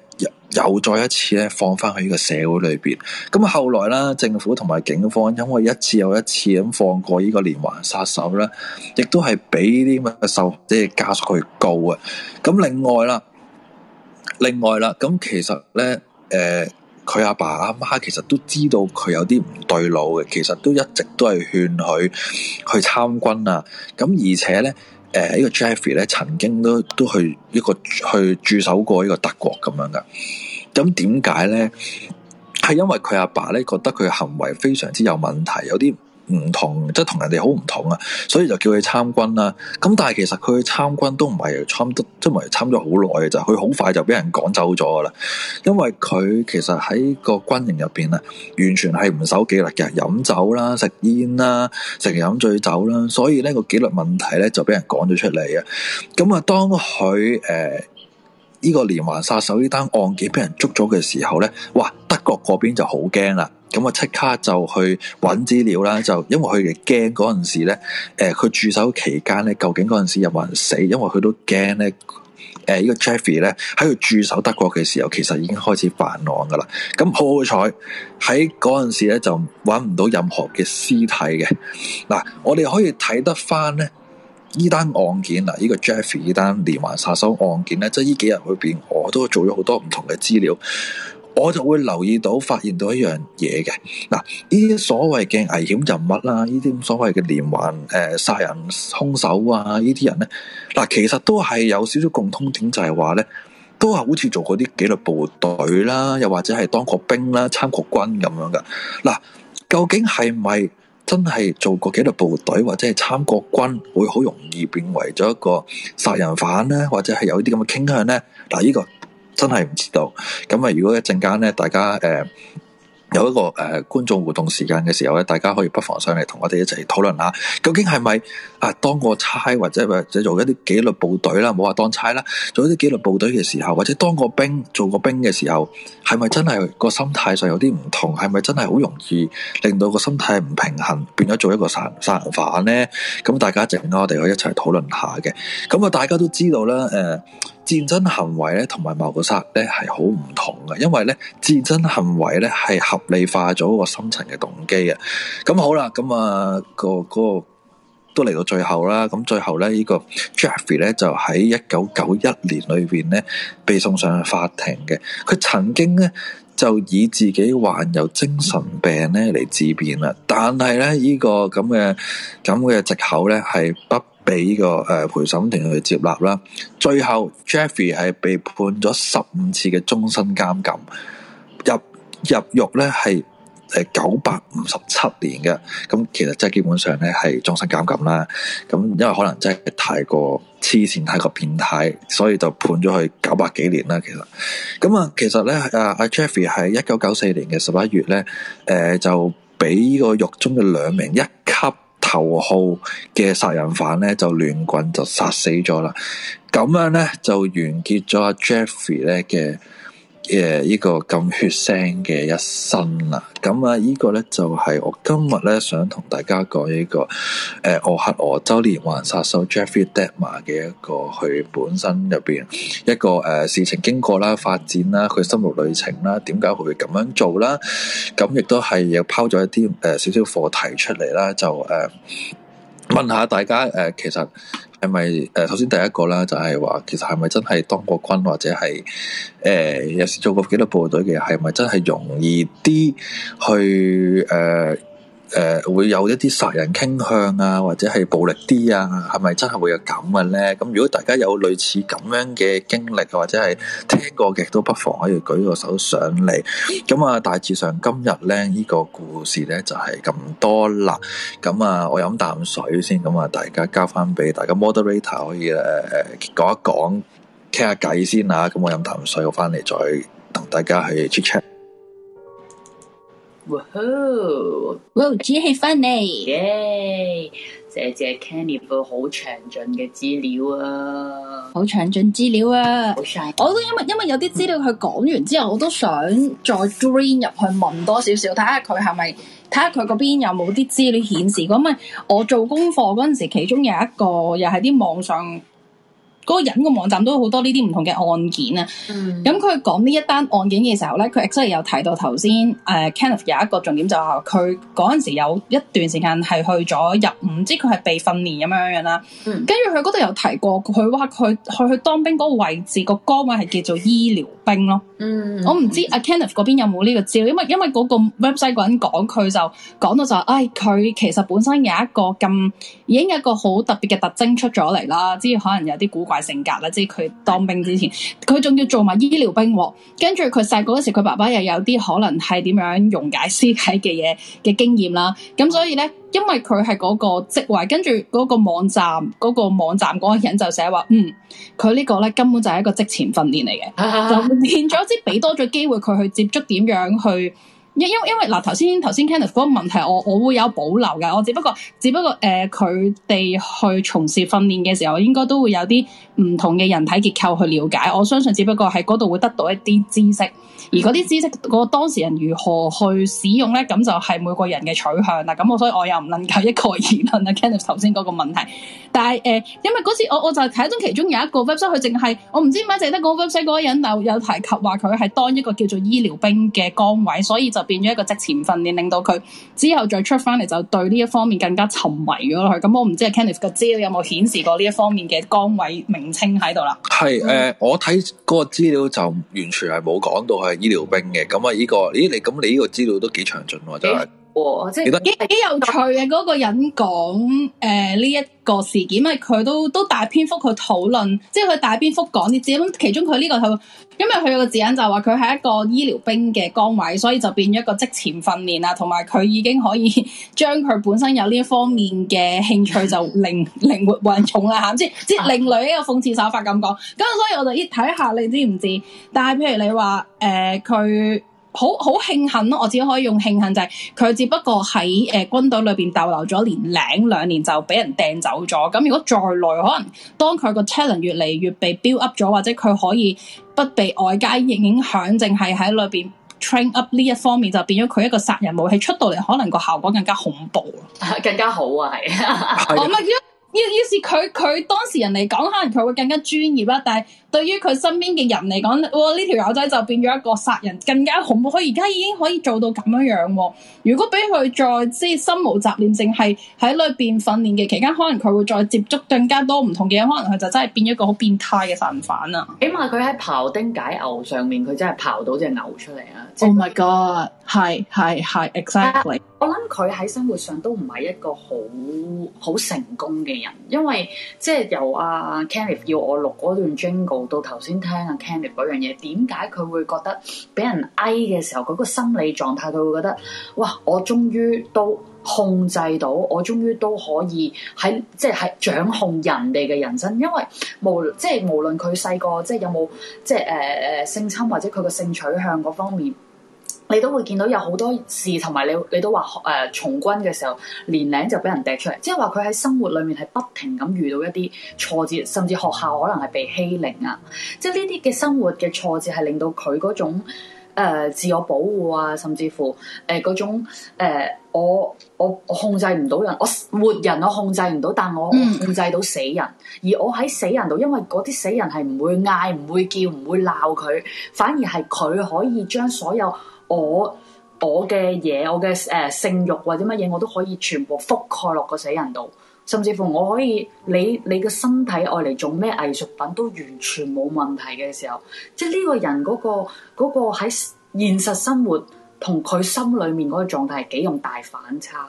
又再一次咧放翻去呢個社會裏邊，咁啊後來啦，政府同埋警方因為一次又一次咁放過呢個連環殺手啦，亦都係俾啲咁嘅受即係家屬去告啊，咁另外啦，另外啦，咁其實咧誒。呃佢阿爸阿媽其實都知道佢有啲唔對路嘅，其實都一直都係勸佢去參軍啊。咁而且咧，誒、呃這個、呢個 Jeffrey 咧曾經都都去一個去駐守過呢個德國咁樣嘅。咁點解咧？係因為佢阿爸咧覺得佢行為非常之有問題，有啲。唔同即係同人哋好唔同啊，所以就叫佢參軍啦。咁但係其實佢參軍都唔係參得，即係唔係參咗好耐嘅啫。佢好快就俾人趕走咗噶啦。因為佢其實喺個軍營入邊啊，完全係唔守紀律嘅，飲酒啦、食煙啦、成日飲醉酒啦，所以呢個紀律問題咧就俾人趕咗出嚟啊。咁啊，當佢誒。呢個連環殺手呢單案件俾人捉咗嘅時候咧，哇！德國嗰邊就好驚啦，咁啊即刻就去揾資料啦，就因為佢哋驚嗰陣時咧，誒佢駐守期間咧，究竟嗰陣時有冇人死？因為佢都驚咧，誒、呃這個、呢個 Jeffrey 咧喺佢駐守德國嘅時候，其實已經開始犯案噶啦。咁好好彩喺嗰陣時咧就揾唔到任何嘅屍體嘅。嗱，我哋可以睇得翻咧。呢單案件嗱，呢個 Jeffery 呢單連環殺手案件咧，即係呢幾日裏邊，我都做咗好多唔同嘅資料，我就會留意到、發現到一樣嘢嘅嗱，呢啲所謂嘅危險人物啦，呢啲咁所謂嘅連環誒殺人兇手啊，呢啲人咧嗱，其實都係有少少共通點，就係話咧，都係好似做過啲紀律部隊啦，又或者係當過兵啦、參過軍咁樣嘅嗱，究竟係咪？真係做過紀律部隊或者係參過軍，會好容易變為咗一個殺人犯呢？或者係有啲咁嘅傾向呢？嗱，呢個真係唔知道。咁啊，如果一陣間呢，大家誒、呃有一個誒、呃、觀眾互動時間嘅時候咧，大家可以不妨上嚟同我哋一齊討論下，究竟係咪啊當個差或者或者做一啲紀律部隊啦，冇話當差啦，做一啲紀律部隊嘅時候，或者當個兵、做個兵嘅時候，係咪真係個心態上有啲唔同？係咪真係好容易令到個心態唔平衡，變咗做一個殺人、殺人犯呢？咁大家靜啊，我哋可一齊討論下嘅。咁啊，大家都知道啦，誒、呃。戰爭行為咧，同埋謀殺咧，係好唔同嘅，因為咧戰爭行為咧係合理化咗一個深層嘅動機嘅。咁好啦，咁啊個嗰個都嚟到最後啦。咁最後咧，這個、呢個 Jeffrey 咧就喺一九九一年裏邊咧被送上法庭嘅。佢曾經咧就以自己患有精神病咧嚟自辯啦，但係咧呢、這個咁嘅咁嘅借口咧係不。俾個誒陪審庭去接納啦，最後 Jeffrey 係被判咗十五次嘅終身監禁，入入獄咧係誒九百五十七年嘅，咁其實即係基本上咧係終身監禁啦。咁因為可能真係太過黐線、太過變態，所以就判咗佢九百幾年啦。其實，咁啊，其實咧，啊阿 Jeffrey 係一九九四年嘅十一月咧，誒、呃、就俾呢個獄中嘅兩名一級頭號嘅殺人犯咧就亂棍就殺死咗啦，咁樣咧就完結咗阿 Jeffrey 咧嘅。誒呢、呃這個咁血腥嘅一生啦，咁啊呢、這個呢就係、是、我今日呢想同大家講呢、這個誒、呃、俄亥俄州連環殺手 Jeffrey Dahmer 嘅一個佢本身入邊一個誒、呃、事情經過啦、發展啦、佢心路旅程啦、點解佢會咁樣做啦，咁、啊、亦都係有拋咗一啲誒少少課題出嚟啦，就誒、呃、問下大家誒、呃、其實。係咪？誒、呃，首先第一個啦，就係、是、話，其實係咪真係當過軍或者係誒、呃、有時做過幾多部隊嘅，係咪真係容易啲去誒、呃誒、呃，會有一啲殺人傾向啊，或者係暴力啲啊，係咪真係會有咁嘅咧？咁如果大家有類似咁樣嘅經歷，或者係聽過嘅，都不妨可以舉個手上嚟。咁啊，大致上今日咧呢、呢個故事咧就係、係、咁多啦。咁啊，我飲啖水先。咁啊，大家交翻俾大家 moderator 可以誒誒講一講，傾下偈先吓、啊。咁我飲啖水，我翻嚟再同大家去 check check。哇呵！哇，真係翻嚟，耶！謝謝 Canny 個好詳盡嘅資料啊，好詳盡資料啊， 我都因為因為有啲資料佢講完之後，我都想再 dream 入去問多少少，睇下佢係咪，睇下佢嗰邊有冇啲資料顯示過。咁咪我做功課嗰陣時，其中有一個又係啲網上。嗰個人個網站都好多呢啲唔同嘅案件啊，咁佢講呢一單案件嘅時候咧，佢 exactly 有提到頭先誒 Kenneth 有一個重點就係佢嗰陣時有一段時間係去咗入唔知佢係被訓練咁樣樣啦。跟住佢嗰度有提過，佢話佢去去當兵嗰個位置個崗位係叫做醫療兵咯。嗯、我唔知阿、啊、Kenneth 嗰邊有冇呢個資料，因為因為嗰個 website 嗰人講佢就講到就係，唉、哎，佢其實本身有一個咁已經有一個好特別嘅特徵出咗嚟啦，即係可能有啲古怪。性格啦，即係佢當兵之前，佢仲要做埋醫療兵，跟住佢細個嗰時，佢爸爸又有啲可能係點樣溶解屍體嘅嘢嘅經驗啦。咁所以咧，因為佢係嗰個職位，跟住嗰個網站嗰個網站嗰個人就寫話，嗯，佢呢個咧根本就係一個職前訓練嚟嘅，啊啊就變咗即係俾多咗機會佢去接觸點樣去。因因因為嗱，頭先頭先 Kenneth 嗰個問題我，我我會有保留嘅。我只不過只不過誒，佢哋去從事訓練嘅時候，應該都會有啲，唔同嘅人體結構去了解，我相信只不過喺嗰度會得到一啲知識，而嗰啲知識、嗰個當事人如何去使用咧，咁就係每個人嘅取向啦。咁我所以我又唔能夠一概而論啦。 Kenneth 頭先嗰個問題，但係誒、呃，因為嗰次我我就睇到其中有一個 website，佢淨係我唔知點解淨得個 website 嗰個人有有提及話佢係當一個叫做醫療兵嘅崗位，所以就變咗一個職前訓練，令到佢之後再出翻嚟就對呢一方面更加沉迷咗落去。咁我唔知阿 Kenneth 個資料有冇顯示過呢一方面嘅崗位名？ 清喺度啦，係誒、呃。我睇嗰個資料就完全係冇講到係醫療兵嘅，咁啊呢個，咦你咁你呢個資料都幾詳盡喎，真係。即係幾幾有趣嘅嗰、嗰個人講誒呢一個事件，咪佢都都大篇幅去討論，即係佢大篇幅講呢啲咁。其中佢呢、呢個頭，因為佢有個字眼就話佢係一個醫療兵嘅崗位，所以就變咗一個職前訓練啦。同埋佢已經可以將佢本身有呢方面嘅興趣就靈靈 活運用啦，吓唔即係另類一個諷刺手法咁講。咁所以我就依睇下你知唔知？但係譬如你話誒佢。呃好好慶幸咯！我只可以用慶幸，就係、是、佢只不過喺誒、呃、軍隊裏邊逗留咗年零兩年就俾人掟走咗。咁如果再耐，可能當佢個 talent 越嚟越被 build up 咗，或者佢可以不被外界影響，淨係喺裏邊 train up 呢一方面，就變咗佢一個殺人武器出到嚟，可能個效果更加恐怖， 更加好啊！係哦，唔係要要，要是佢佢當事人嚟講，可能佢會更加專業啦，但係。對於佢身邊嘅人嚟講，哇！呢條友仔就變咗一個殺人更加恐怖，佢而家已經可以做到咁樣樣、啊、如果俾佢再即係心無雜念，淨係喺裏邊訓練嘅期間，可能佢會再接觸更加多唔同嘅嘢，可能佢就真係變咗一個好變態嘅殺人犯啊！起碼佢喺刨丁解牛上面，佢真係刨到隻牛出嚟啊！Oh my god！係係係，exactly！我諗佢喺生活上都唔係一個好好成功嘅人，因為即係由阿 Kenneth 要我錄嗰段 Jingle。到頭先聽阿 Candy 嗰樣嘢，點解佢會覺得俾人矮嘅時候，佢個心理狀態佢會覺得，哇！我終於都控制到，我終於都可以喺即係掌控人哋嘅人生，因為無即係、就是、無論佢細個即係有冇即係誒誒性侵或者佢個性取向嗰方面。你都會見到有好多事，同埋你你都話誒從軍嘅時候年齡就俾人掟出嚟，即係話佢喺生活裏面係不停咁遇到一啲挫折，甚至學校可能係被欺凌啊！即係呢啲嘅生活嘅挫折係令到佢嗰種。誒自我保護啊，甚至乎誒嗰、呃、種、呃、我我我控制唔到人，我活人我控制唔到，但我控制到死人。嗯、而我喺死人度，因為嗰啲死人係唔會嗌、唔會叫、唔會鬧佢，反而係佢可以將所有我我嘅嘢、我嘅誒、呃、性慾或者乜嘢，我都可以全部覆蓋落個死人度。甚至乎我可以，你你嘅身體愛嚟做咩藝術品都完全冇問題嘅時候，即係呢個人嗰個嗰個喺現實生活同佢心裏面嗰個狀態係幾用大反差，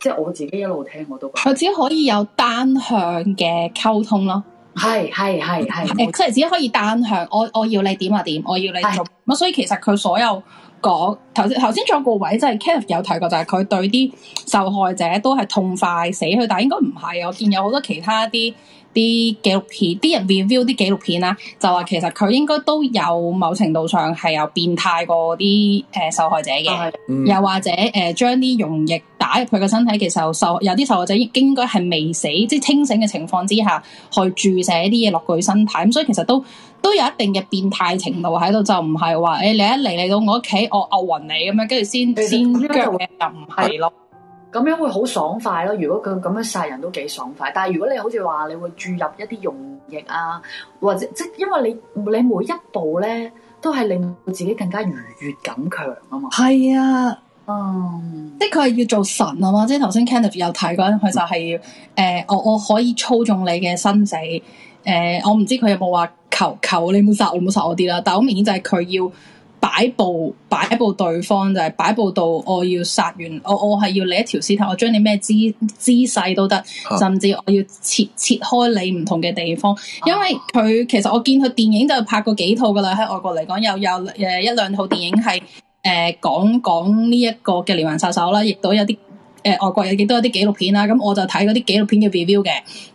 即係我自己一路聽我都覺得佢只可以有單向嘅溝通咯，係係係係，誒，即係只可以單向，我我要你點啊點，我要你做，咁是所以其實佢所有。講頭先頭先仲有個位，即係 Kenneth 有提過，就係、是、佢對啲受害者都係痛快死去，但係應該唔係。我見有好多其他啲。啲紀錄片啲人 review 啲紀錄片啦，就話其實佢應該都有某程度上係有變態過啲誒受害者嘅。嗯、又或者誒、呃、將啲溶液打入佢個身體其實受有啲受害者應該係未死，即係清醒嘅情況之下去注射啲嘢落佢身體，咁所以其實都都有一定嘅變態程度喺度，就唔係話誒你一嚟嚟到我屋企，我嘔暈你咁樣，跟住先先腳嘅，又唔係咯。嗯嗯嗯咁樣會好爽快咯，如果佢咁樣殺人都幾爽快，但係如果你好似話你會注入一啲溶液啊，或者即係因為你你每一步咧都係令到自己更加愉悅感強啊嘛。係啊，嗯，即佢係要做神啊嘛，即係頭先 Kenneth 有睇過，佢就係、是、要、嗯呃、我我可以操縱你嘅生死，誒、呃，我唔知佢有冇話求求你唔好殺我，唔好殺我啲啦，但係我明顯就係佢要。擺佈擺佈對方就係、是、擺佈到我要殺完我我係要你一條屍體，我將你咩姿姿勢都得，oh. 甚至我要切切開你唔同嘅地方。因為佢其實我見佢電影就拍過幾套㗎啦，喺外國嚟講有有誒一兩套電影係誒講講呢一個嘅連環殺手啦，亦都有啲誒、呃、外國有幾多有啲紀錄片啦。咁我就睇嗰啲紀錄片嘅 review 嘅，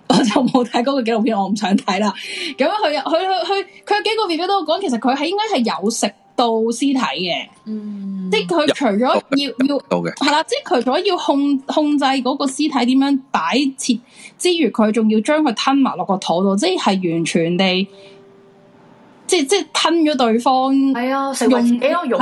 我就冇睇嗰個紀錄片，我唔想睇啦。咁佢佢佢佢佢有幾個 review 都講，其實佢係應該係有食到屍體嘅、嗯，即係佢除咗要要係啦，即係除咗要控控制嗰個屍體點樣擺設之餘，佢仲要將佢吞埋落個肚度，即係完全地，即係即係吞咗對方，係啊、嗯，用俾個辱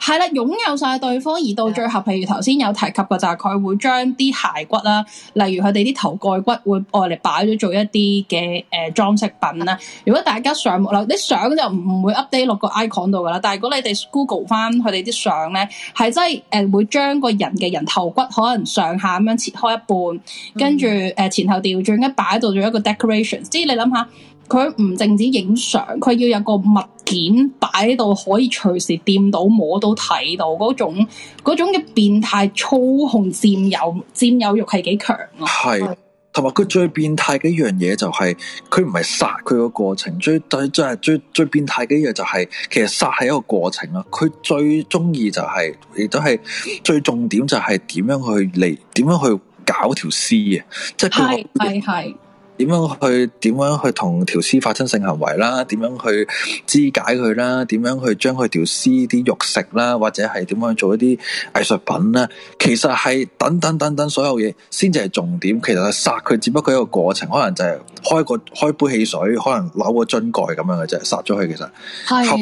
係啦，擁有晒對方而到最後譬如頭先有提及嘅就係，是，佢會將啲骸骨啦，例如佢哋啲頭蓋骨會愛嚟擺咗做一啲嘅誒裝飾品啦。的如果大家上網啦啲相就唔唔會 update 落個 icon 度噶啦，但係如果你哋 google 翻佢哋啲相咧，係真係誒會將個人嘅人頭骨可能上下咁樣切開一半，跟住誒前後調轉咁擺到咗一個 decoration 即想想。即係你諗下。佢唔淨止影相，佢要有個物件擺喺度，可以隨時掂到、摸到、睇到嗰種嗰種嘅變態操控佔、佔有佔有欲係幾強啊！係是，同埋佢最變態嘅一樣嘢就係佢唔係殺，佢個過程最、就係、最最最最變態嘅一樣嘢就係、係、其實殺係一個過程啊。佢最中意就係、係，亦都係最重點就係點樣去嚟，點樣去搞條屍啊！即係係係。點樣去點樣去同條屍發生性行為啦？點樣去肢解佢啦？點樣去將佢條屍啲肉食啦？或者係點樣做一啲藝術品咧？其實係等等等等所有嘢先至係重點。其實殺佢只不過一個過程，可能就係開個開杯汽水，可能扭個樽蓋咁樣嘅啫，殺咗佢其實是後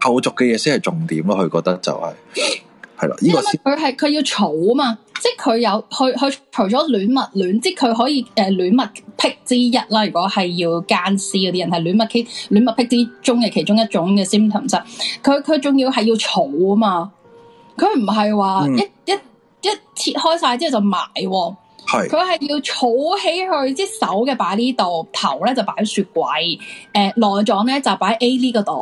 後續嘅嘢先係重點咯。佢覺得就係係啦，呢的、這個佢係佢要儲啊嘛。即係佢有佢佢除咗戀物戀，即係佢可以誒呃、戀物癖之一啦。如果係要監視嗰啲人，係戀物戀物癖之中嘅其中一種嘅 symptoms，佢佢仲要係要儲啊嘛，佢唔係話一、嗯、一一,一切開晒之後就埋喎，啊。係，佢係是要儲起去，啲手嘅擺呢度，頭咧就擺雪櫃，誒內臟咧就擺 A 呢個袋，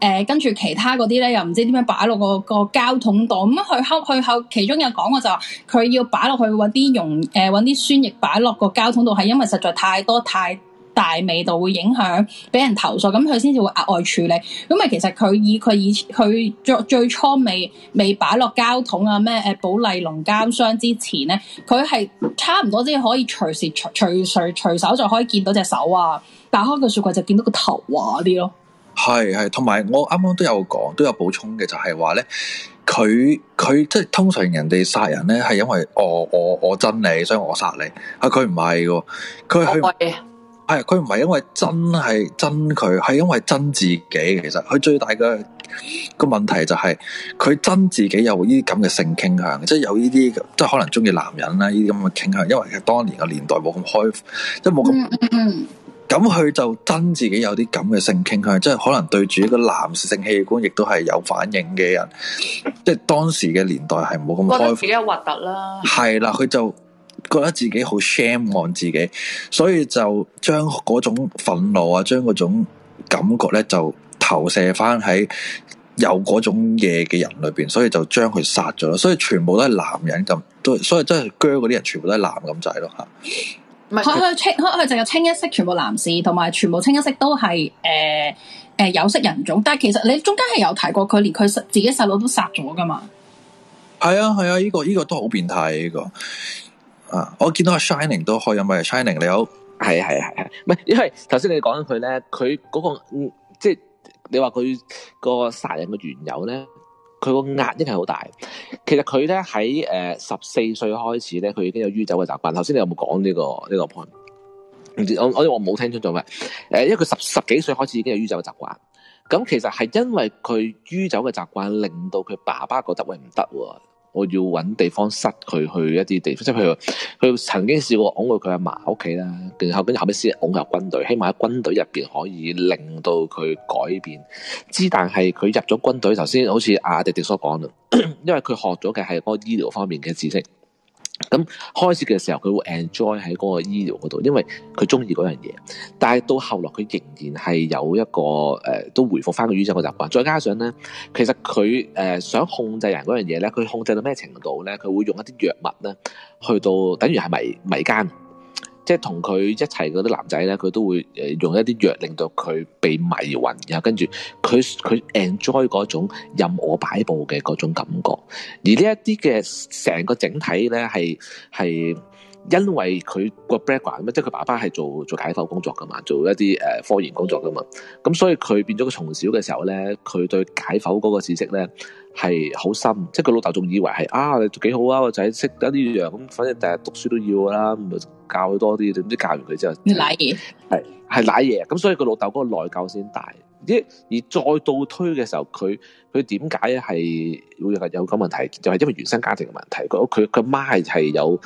誒跟住其他嗰啲咧又唔知點樣擺落個個膠桶度，咁、嗯、佢後佢後其中有講過就話，佢要擺落去揾啲溶，誒揾啲酸液擺落個膠桶度，係因為實在太多太。大味道會影響俾人投訴，咁佢先至會額外處理。咁咪其實佢以佢以佢作最初未未擺落膠桶啊咩、誒保麗龍膠箱之前咧，佢係差唔多即係可以隨時隨隨隨手就可以見到隻手啊！打開個雪櫃就見到個頭啊啲咯。係係，同埋我啱啱都有講都有補充嘅，就係話咧，佢佢即係通常人哋殺人咧係因為、哦、我我我憎你，所以我殺你啊！佢唔係喎，佢佢。係佢唔係因為真係憎佢，係因為憎自己。其實佢最大嘅個問題就係佢憎自己有呢啲咁嘅性傾向，即係有呢啲即係可能中意男人啦，呢啲咁嘅傾向。因為佢當年嘅年代冇咁開，即冇咁咁，佢 就憎自己有啲咁嘅性傾向，即係可能對住一個男性器官亦都係有反應嘅人。即係當時嘅年代係冇咁開，自己又核突啦。係啦，佢就。覺得自己好 shame 望自己，所以就將嗰種憤怒啊，將嗰種感覺咧就投射翻喺有嗰種嘢嘅人裏邊，所以就將佢殺咗咯。所以全部都係男人咁，都所以真係鋸嗰啲人全部都係男咁滯咯吓。係係是清係係淨清一色，全部男士，同埋全部清一色都係誒誒有色人種。但係其實你中間係有提過佢連佢自己細佬都殺咗噶嘛？係啊係啊，呢個呢個都好變態呢個。啊！Uh, 我見到《阿 Shining》都開咗咪 Shining》，你好，係啊係啊係啊，唔係因為頭先你講緊佢咧，佢嗰、那個、嗯、即係你話佢、那個殺人嘅緣由咧，佢個壓力係好大。其實佢咧喺誒十四歲開始咧，佢已經有酗酒嘅習慣。頭先你有冇講呢、這個呢、這個 point？唔知我我我冇聽清楚咩，誒、呃，因為佢十十幾歲開始已經有酗酒嘅習慣，咁其實係因為佢酗酒嘅習慣令到佢爸爸個習慣唔得喎。我要揾地方塞佢去一啲地方，即係譬如佢曾經試過㧬過佢阿嫲屋企啦，然後跟住後屘先㧬入軍隊，希望喺軍隊入邊可以令到佢改變。之但係佢入咗軍隊，頭先好似阿迪迪所講啦， 因為佢學咗嘅係嗰個醫療方面嘅知識。咁開始嘅時候，佢會 enjoy 喺嗰個醫療嗰度，因為佢中意嗰樣嘢。但係到後來，佢仍然係有一個誒、呃，都回復翻個醫生嘅習慣。再加上咧，其實佢誒、呃、想控制人嗰樣嘢咧，佢控制到咩程度咧？佢會用一啲藥物咧，去到等於係迷迷奸。即係同佢一齊嗰啲男仔咧，佢都會誒用一啲藥令到佢被迷暈，然後跟住佢佢 enjoy 嗰種任我擺佈嘅嗰種感覺。而呢一啲嘅成個整體咧，係係因為佢個 background，即係佢爸爸係做做解剖工作㗎嘛，做一啲誒科研工作㗎嘛。咁所以佢變咗佢從小嘅時候咧，佢對解剖嗰個知識咧，係好深，即係個老豆仲以為係啊，你幾好啊，個仔識得啲樣，咁反正第日讀書都要噶啦，咁教佢多啲，點知教完佢之後，舐嘢係係舐嘢，咁所以個老豆嗰個內疚先大，一而再倒推嘅時候，佢佢點解係會係有咁問題？就係因為原生家庭嘅問題，佢佢佢媽係係有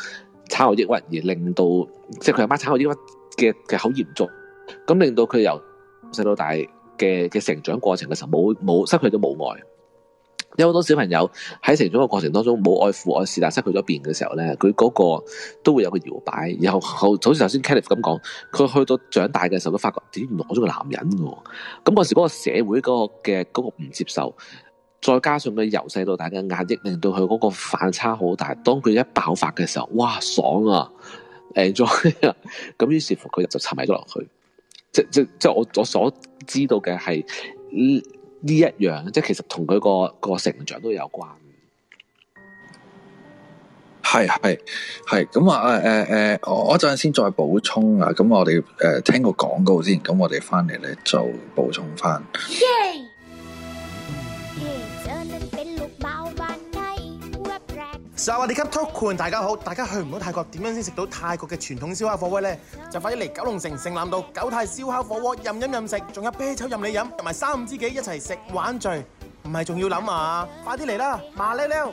產後抑鬱而令到，即係佢阿媽產後抑鬱嘅嘅好嚴重，咁令到佢由細到大嘅嘅成長過程嘅時候冇冇失去咗母愛。有好多小朋友喺成長嘅過程當中，冇愛父愛是，但失去咗變嘅時候咧，佢嗰個都會有個搖擺。然後後好似頭先 Kelly 咁講，佢去到長大嘅時候，都發覺點攞咗個男人嘅、啊、喎。咁嗰時嗰個社會嗰個嘅嗰個唔接受，再加上佢由細到大嘅壓抑，令到佢嗰個反差好大。當佢一爆發嘅時候，哇爽啊 Enjoy 啊！咁於是乎佢就沉迷咗落去。即即即我我所知道嘅係嗯。呢一樣，即係其實同佢個個成長都有關。係係係，咁啊誒誒誒，我陣先再補充啊。咁我哋誒、呃、聽個廣告先，咁我哋翻嚟咧就補充翻。就話你給託盤，大家好，大家去唔到泰國點樣先食到泰國嘅傳統燒烤火鍋呢？就快啲嚟九龍城城南道九泰燒烤火鍋，任飲任，任食，仲有啤酒任你飲，同埋三五知己一齊食玩聚，唔係仲要諗啊！快啲嚟啦，麻溜溜！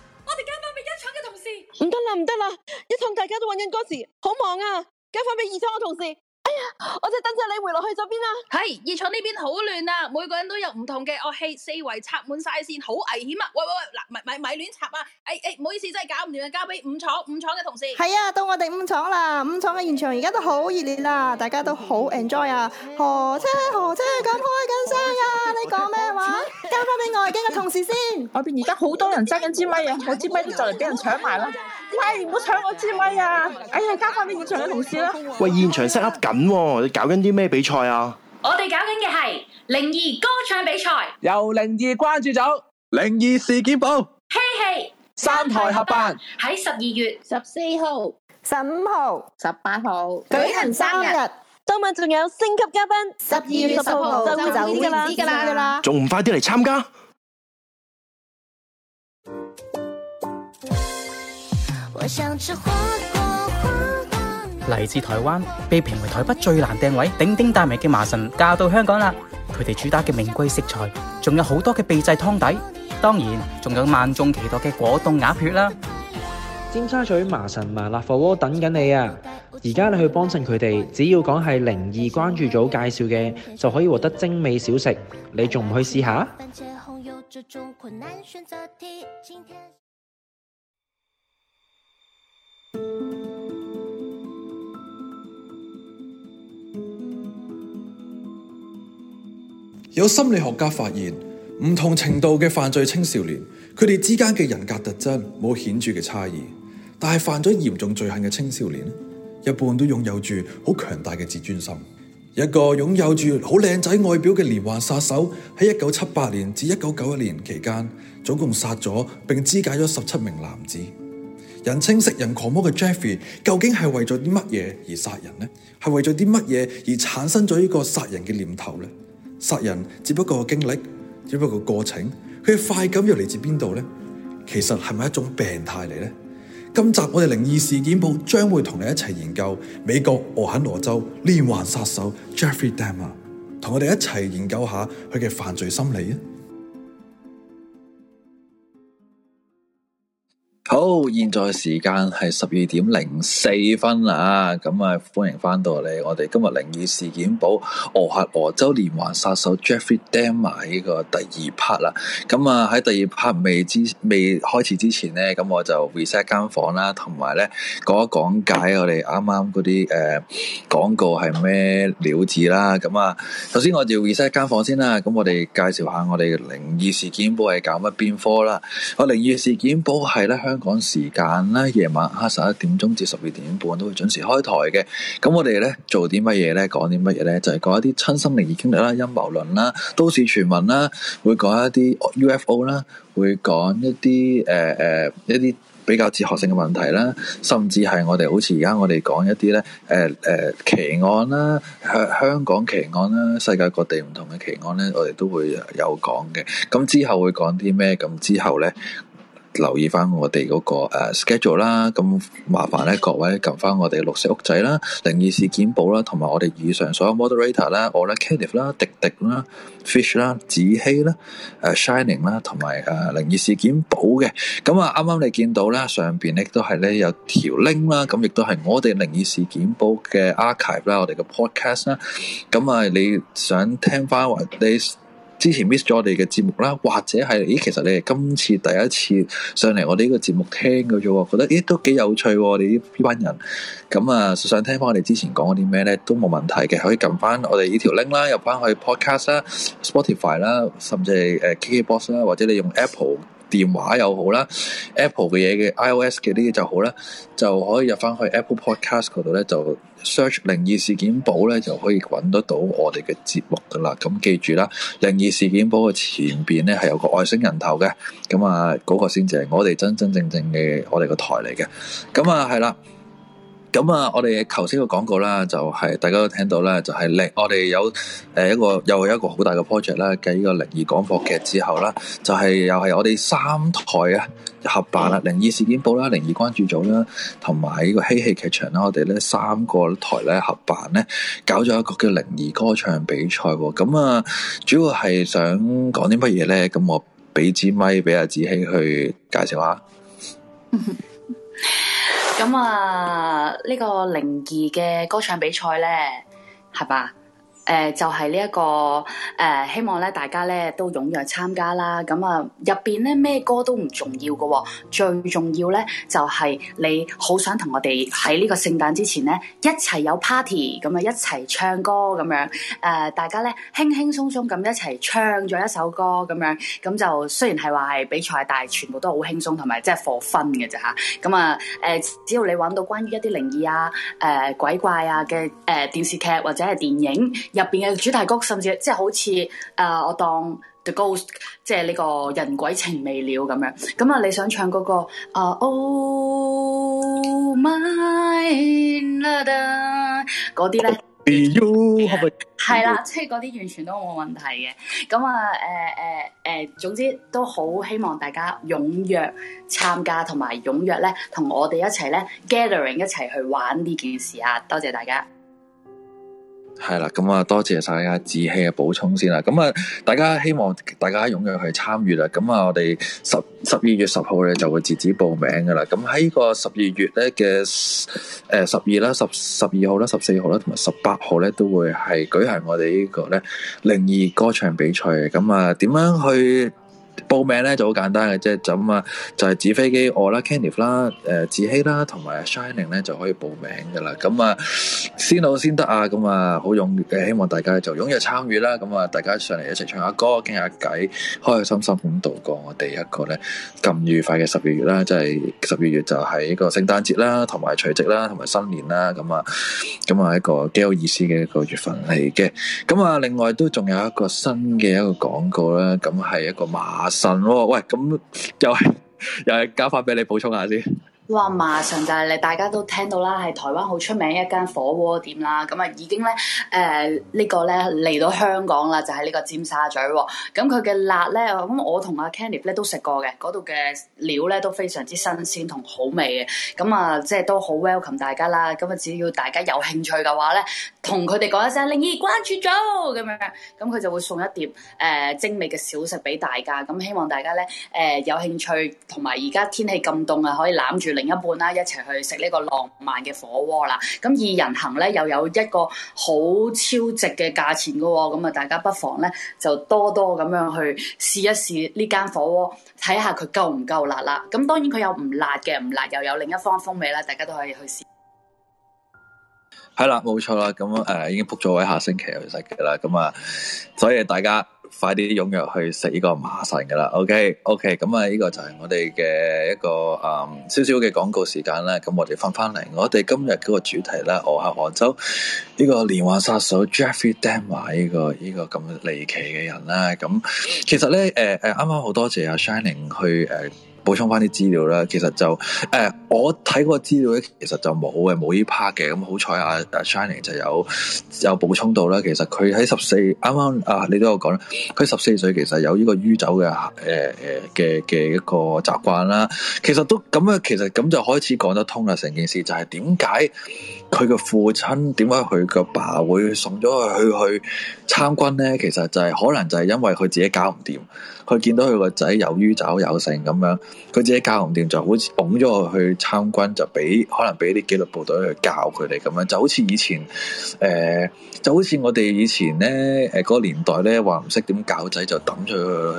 唔得啦，唔得啦！一倉大家都揾緊歌詞，好忙啊，交翻俾二倉嘅同事。我就等住你回落去咗邊啊！係二廠呢邊好亂啊，每個人都有唔同嘅樂器，四圍插滿晒線，好危險啊！喂喂喂，嗱，咪咪咪亂插啊！誒、欸、誒，唔好意思，真係搞唔掂，交俾五廠五廠嘅同事。係啊，到我哋五廠啦，五廠嘅現場而家都好熱烈啦，大家都好 enjoy 啊！何車何車咁開緊聲啊！你講咩話？交翻俾外景嘅同事先。外邊而家好多人爭緊支咪啊！咪 我支咪就嚟俾人搶埋啦！咪唔好搶我支咪啊！哎呀，交翻俾現場嘅同事啦。喂，現場塞緊喎。 我哋搞緊啲咩比賽啊？我哋搞緊嘅係靈異歌唱比賽，由靈異關注組，靈異事件簿，嘿嘿，三台合辦喺十二月十四號、十五號、十八號舉行三日，當晚仲有星級嘉賓。十二月十五號就會走噶啦啦，仲唔快啲嚟參加？嚟自台灣，被評為台北最難訂位、鼎鼎大名嘅麻神，嫁到香港啦！佢哋主打嘅名貴食材，仲有好多嘅秘製湯底，當然仲有萬眾期待嘅果凍鴨血啦！尖沙咀麻神麻辣火鍋等緊你啊！而家你去幫襯佢哋，只要講係靈異關注組介紹嘅，就可以獲得精美小食。你仲唔去試下？嗯有心理學家發現，唔同程度嘅犯罪青少年，佢哋之間嘅人格特質冇顯著嘅差異。但係犯咗嚴重罪行嘅青少年，一般都擁有住好強大嘅自尊心。一個擁有住好靚仔外表嘅連環殺手，喺一九七八年至一九九一年期間，總共殺咗並肢解咗十七名男子。人稱食人狂魔嘅 Jeffrey，究竟係為咗啲乜嘢而殺人呢？係為咗啲乜嘢而產生咗呢個殺人嘅念頭呢？殺人只不過個經歷，只不過個過程，佢嘅快感又嚟自邊度呢？其實係咪一種病態嚟呢？今集我哋《靈異事件簿》將會同你一齊研究美國俄亥俄州連環殺手 Jeffrey Dahmer，同我哋一齊研究下佢嘅犯罪心理好，現在時間係十二點零四分啦，咁啊歡迎翻到嚟我哋今日靈異事件簿俄亥俄州連環殺手 Jeffrey Dahmer 呢個第二 part 啦，咁啊喺第二 part 未之未開始之前咧，咁、啊、我就 reset 間房啦，同埋咧講一講解我哋啱啱嗰啲誒廣告係咩料子啦，咁、呃、啊首先啊我哋 reset 間房先啦，咁我哋介紹下我哋靈異事件簿係搞乜邊科啦，我靈異事件簿係咧香香港時間啦，夜晚黑十一點鐘至十二點半都會準時開台嘅。咁我哋咧做啲乜嘢咧？講啲乜嘢咧？就係、是、講一啲親身靈異經歷啦、陰謀論啦、都市傳聞啦，會講一啲 UFO 啦，會、呃、講、呃、一啲誒誒一啲比較哲學性嘅問題啦，甚至係我哋好似而家我哋講一啲咧誒誒奇案啦，香香港奇案啦，世界各地唔同嘅奇案咧，我哋都會有講嘅。咁之後會講啲咩？咁之後咧？留意翻我哋嗰個 schedule 啦，咁麻煩咧，各位撳翻我哋綠色屋仔啦、靈異事件簿啦，同埋我哋以上所有 moderator 啦，我咧 Kenneth 啦、迪迪啦、Fish 啦、子希啦、誒 Shining 啦，同埋誒靈異事件簿嘅。咁啊，啱啱你見到啦，上邊咧都係咧有條 link 啦，咁亦都係我哋靈異事件簿嘅 archive 啦，我哋嘅 podcast 啦。咁啊，你想聽翻話之前 miss 咗我哋嘅節目啦，或者係咦，其實你係今次第一次上嚟我哋呢個節目聽嘅啫喎，覺得咦都幾有趣喎，你呢班人。咁啊，想聽翻我哋之前講過啲咩呢？都冇問題嘅，可以撳翻我哋呢條 link 啦，入翻去 podcast 啦、Spotify 啦，甚至係誒 KKBox 啦，或者你用 Apple。電話又好啦，Apple 嘅嘢嘅 iOS 嘅呢啲就好啦，就可以入翻去 Apple Podcast 嗰度咧，就 search 靈異事件簿咧，就可以揾得到我哋嘅節目噶啦。咁記住啦，靈異事件簿嘅前邊咧係有個外星人頭嘅，咁啊嗰個先至係我哋真真正正嘅我哋個台嚟嘅，咁啊係啦。咁啊，我哋頭先個廣告啦，就係大家都聽到啦，就係零，我哋有誒一個又有一個好大嘅 project 啦，繼呢個靈異廣播劇之後啦，就係又係我哋三台啊合辦啦，靈異事件簿啦，靈異關注組啦，同埋呢個嬉戲劇場啦，我哋咧三個台咧合辦咧，搞咗一個叫靈異歌唱比賽。咁啊，主要係想講啲乜嘢咧？咁我俾支咪俾阿子希去介紹下。 咁啊，呢、這個靈異嘅歌唱比賽咧，係吧？誒、呃，就係呢一個誒、呃，希望咧大家咧都踴躍參加啦。咁、嗯、啊，入邊咧咩歌都唔重要噶、哦，最重要咧就係、是、你好想同我哋喺呢個聖誕之前咧一齊有 party，咁啊一齊唱歌咁樣。誒、呃，大家咧輕輕鬆鬆咁一齊唱咗一首歌咁樣，咁就雖然係話係比賽，但係全部都好輕鬆同埋即係 for fun 嘅啫吓。咁啊，誒、呃，只要你揾到關於一啲靈異啊、誒、呃、鬼怪啊嘅誒、呃、電視劇或者係電影。入邊嘅主題曲，甚至即係好似誒、呃，我當 The Ghost，即係呢個人鬼情未了咁樣。咁啊，你想唱嗰個誒，Oh my God 嗰啲啦，係啦，即係嗰啲完全都冇問題嘅。咁啊，誒誒誒，總之都好希望大家踴躍參加，同埋踴躍咧，同我哋一齊咧 gathering 一齊去玩呢件事啊！多謝大家。係啦，咁啊，多謝晒阿志希嘅補充先啦，咁啊，大家希望大家踴躍去參與啦，咁啊，我哋十十二月十號咧就會截止報名噶啦，咁喺呢個十二月咧嘅誒十二啦，十十二號啦，十四號啦，同埋十八號咧都會係舉行我哋呢個咧靈異歌唱比賽，咁啊，點樣去？報名咧就好簡單嘅，即係咁啊，就係、是、紙飛機我啦、Kenneth 啦、誒、呃、子希啦同埋 Shining 咧就可以報名嘅啦。咁啊，先到先得啊，咁啊，好勇嘅，希望大家就踴躍參與啦。咁啊，大家上嚟一齊唱下歌、傾下偈，開開心心咁度過我哋一個咧咁愉快嘅十二月啦。就係十二月就係一個聖誕節啦，同埋除夕啦，同埋新年啦。咁啊，咁啊一個幾有意思嘅一個月份嚟嘅。咁啊，另外都仲有一個新嘅一個廣告啦。咁係一個馬。麻神喎，喂，咁又係又係，搞翻俾你補充下先。哇，麻神就係、是、你大家都聽到啦，係台灣好出名一間火鍋店啦，咁啊已經咧誒、呃這個、呢個咧嚟到香港啦，就喺、是、呢個尖沙咀。咁佢嘅辣咧，咁我同阿 Kenny 咧都食過嘅，嗰度嘅料咧都非常之新鮮同好味嘅。咁啊，即係都好 welcome 大家啦。咁啊，只要大家有興趣嘅話咧。同佢哋講一聲，靈異關注咗咁樣，咁佢就會送一碟誒、呃、精美嘅小食俾大家。咁希望大家咧誒、呃、有興趣，同埋而家天氣咁凍啊，可以攬住另一半啦，一齊去食呢個浪漫嘅火鍋啦。咁二人行咧又有一個好超值嘅價錢噶喎、哦，咁啊大家不妨咧就多多咁樣去試一試呢間火鍋，睇下佢夠唔夠辣啦。咁當然佢有唔辣嘅，唔辣又有另一方風味啦，大家都可以去試。係啦，冇錯啦，咁、嗯、誒已經撲咗位，下星期又去食嘅啦，咁、嗯、啊，所以大家快啲踴躍去食呢個馬神噶啦，OK，OK，咁啊呢個就係我哋嘅一個誒少少嘅廣告時間啦，咁我哋翻翻嚟，我哋今日嗰個主題咧，我喺杭州呢個連環殺手 Jeffrey Dahmer 呢、這個呢、這個咁離奇嘅人啦，咁、嗯、其實咧誒誒啱啱好多謝阿 Shining 去誒。呃補充翻啲資料啦，其實就誒、呃，我睇個資料咧，其實就冇嘅，冇呢 part 嘅，咁好彩啊！阿 Shining 就有有補充到啦，其實佢喺十四啱啱啊，你都有講啦，佢十四歲其實有呢個酗酒嘅誒誒嘅嘅一個習慣啦。其實都咁樣，其實咁就開始講得通啦。成件事就係點解佢嘅父親點解佢嘅爸會送咗佢去參軍咧？其實就係、係、可能就係因為佢自己搞唔掂。佢見到佢個仔有於走有成咁樣，佢自己教唔掂，就好似捧咗佢去參軍，就俾可能俾啲紀律部隊去教佢哋咁樣，就好似以前，誒、呃、就好似我哋以前咧，誒、呃、嗰、那個年代咧話唔識點教仔，就抌咗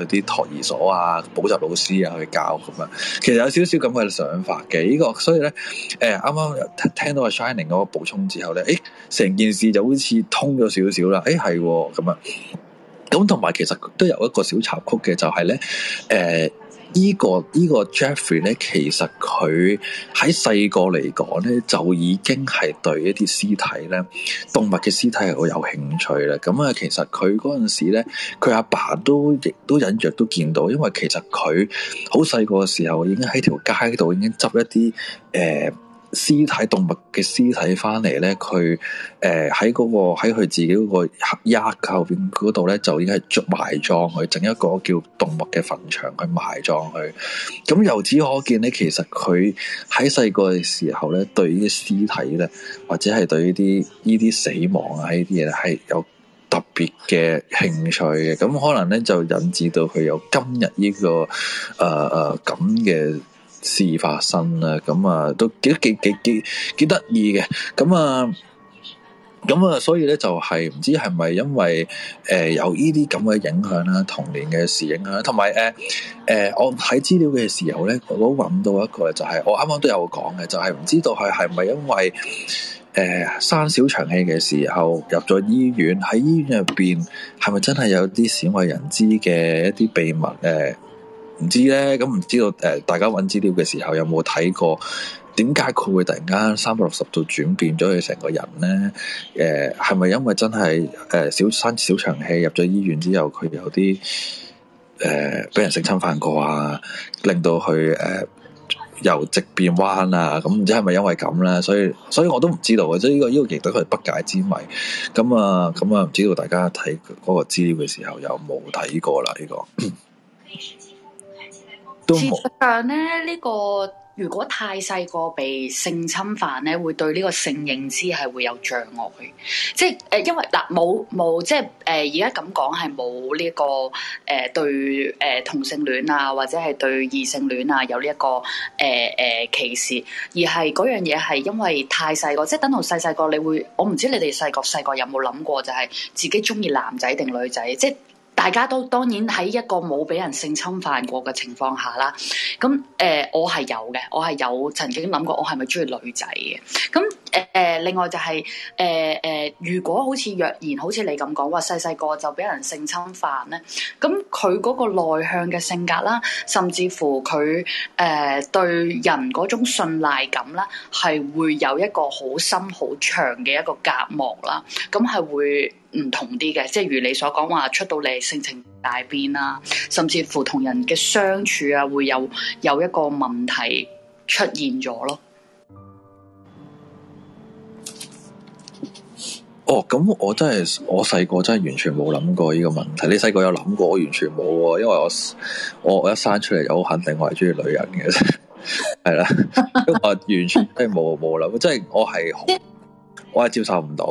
去啲托兒所啊、補習老師啊去教咁樣，其實有少少咁嘅想法嘅，依、這個所以咧，誒啱啱聽到阿 Shining 嗰個補充之後咧，誒成件事就好似通咗少少啦，誒係咁樣！咁同埋其實都有一個小插曲嘅，就係咧，誒、這個，依、這個依個 Jeffrey 咧，其實佢喺細個嚟講咧，就已經係對一啲屍體咧，動物嘅屍體係好有興趣啦。咁、嗯、啊，其實佢嗰陣時咧，佢阿爸，爸都亦都隱約都見到，因為其實佢好細個嘅時候已經喺條街度已經執一啲誒。呃屍體，動物嘅屍體翻嚟咧，佢誒喺嗰個喺佢自己嗰個盒殼後邊嗰度咧，就已經係捉埋葬佢，整一個叫動物嘅墳場去埋葬佢。咁由此可見咧，其實佢喺細個嘅時候咧，對呢個屍體咧，或者係對呢啲呢啲死亡啊呢啲嘢係有特別嘅興趣嘅。咁可能咧就引致到佢有今日呢、這個誒誒咁嘅。呃呃事發生啦，咁啊都幾幾幾幾幾得意嘅，咁啊咁啊，所以咧就係、是、唔知係咪因為誒、呃、有呢啲咁嘅影響啦，童年嘅事影響啦，同埋誒誒，我睇資料嘅時候咧，我都揾到一個就係、是、我啱啱都有講嘅，就係、是、唔知道佢係咪因為誒、呃、生小腸氣嘅時候入咗醫院，喺醫院入邊係咪真係有啲鮮為人知嘅一啲秘密誒？唔知咧，咁唔知道誒、呃，大家揾資料嘅時候有冇睇過？點解佢會突然間三百六十度轉變咗佢成個人咧？誒、呃，係咪因為真係誒、呃、小生小長氣入咗醫院之後，佢有啲誒俾人性侵犯過啊，令到佢誒、呃、由直變彎啊？咁、嗯、唔知係咪因為咁咧？所以，所以我都唔知道嘅，所以呢、這個呢、這個亦都係不解之謎。咁、嗯、啊，咁、嗯、啊，唔、嗯嗯、知道大家睇嗰個資料嘅時候有冇睇過啦？呢、這個。 事實上咧，呢、這個如果太細個被性侵犯咧，會對呢個性認知係會有障礙。即係誒、呃，因為嗱，冇、呃、冇即係誒，而家咁講係冇呢個誒、呃、對誒、呃、同性戀啊，或者係對異性戀啊有呢、這、一個誒誒、呃呃、歧視，而係嗰樣嘢係因為太細個，即係等同細細個你會，我唔知你哋細個細個有冇諗過，就係自己中意男仔定女仔，即係。大家都當然喺一個冇俾人性侵犯過嘅情況下啦，咁誒我係有嘅，我係有，有曾經諗過我係咪鍾意女仔嘅。咁誒、呃、另外就係誒誒，如果好似若然好似你咁講話，細細個就俾人性侵犯咧，咁佢嗰個內向嘅性格啦，甚至乎佢誒、呃、對人嗰種信賴感啦，係會有一個好深好長嘅一個隔膜啦，咁係會。唔同啲嘅，即係如你所講話，出到嚟性情大變啦，啊，甚至乎同人嘅相處啊，會有有一個問題出現咗咯。哦，咁我真係我細個真係完全冇諗過呢個問題。你細個有諗過？我完全冇，因為我我我一生出嚟有肯定，我係中意女人嘅，係啦，我完全真係冇冇諗過，即係我係。我係接受唔到，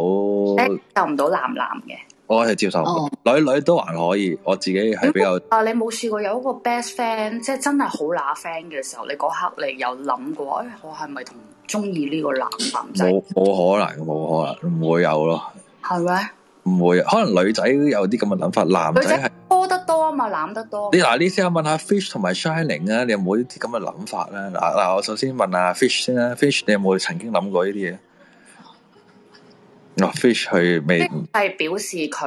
受唔到男男嘅。我係接受唔到、oh。女女都還可以，我自己係比較。啊，你冇試過有一個 best friend，即係真係好乸 friend 嘅時候，你嗰刻你有諗過，誒、哎，我係咪同中意呢個男男仔？冇，冇可能，冇可能，唔會有咯。係咩？唔會，可能女仔有啲咁嘅諗法，男仔係多得多啊嘛，諗得多。你嗱，你先問下 Fish 同埋 Shining 啊，你有冇呢啲咁嘅諗法咧？嗱嗱，我首先問下 Fish 先啦，Fish，你有冇曾經諗過呢啲嘢？fish 係未係，表示佢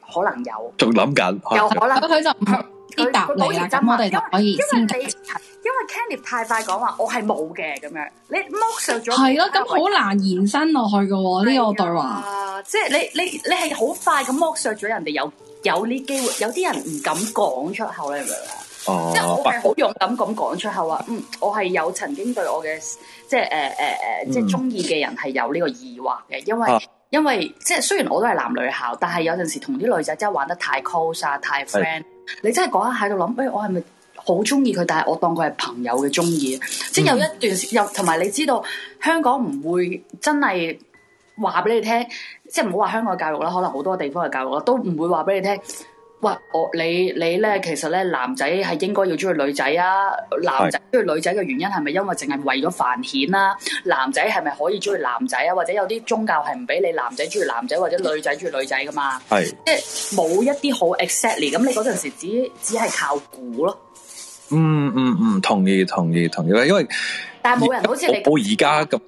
可能有，仲諗緊，有可能佢就唔答你，我哋可以先。因為因為 Candy 太快講話，我係冇嘅咁樣。你剝削咗係咯，咁好、啊、難延伸落去嘅喎。呢、啊、個對話、啊、即係你你你係好快咁剝削咗人哋有有呢機會，有啲人唔敢講出口你明唔明啊？即係我係好勇敢咁講出口啊！嗯，我係有曾經對我嘅即係誒誒誒，即係中、呃、意嘅人係有呢個疑惑嘅，因為。啊因為即係雖然我都係男女校，但係有陣時同啲女仔真係玩得太 close 啊，太 friend，是你真係講下喺度諗，哎，我係咪好中意佢？但係我當佢係朋友嘅中意，嗯、即係有一段時，又同埋你知道香港唔會真係話俾你聽，即係唔好話香港嘅教育啦，可能好多地方嘅教育啦，都唔會話俾你聽。喂，我你你咧，其實咧男仔係應該要中意女仔啊，男仔中意女仔嘅原因係咪因為淨係為咗繁衍啊？男仔係咪可以中意男仔啊？或者有啲宗教係唔俾你男仔中意男仔或者女仔中意女仔噶嘛？係，即係冇一啲好 exactly 咁，你嗰陣時只只係靠估咯。嗯嗯嗯，同意同意同意，因為但係冇人好似你我而家咁。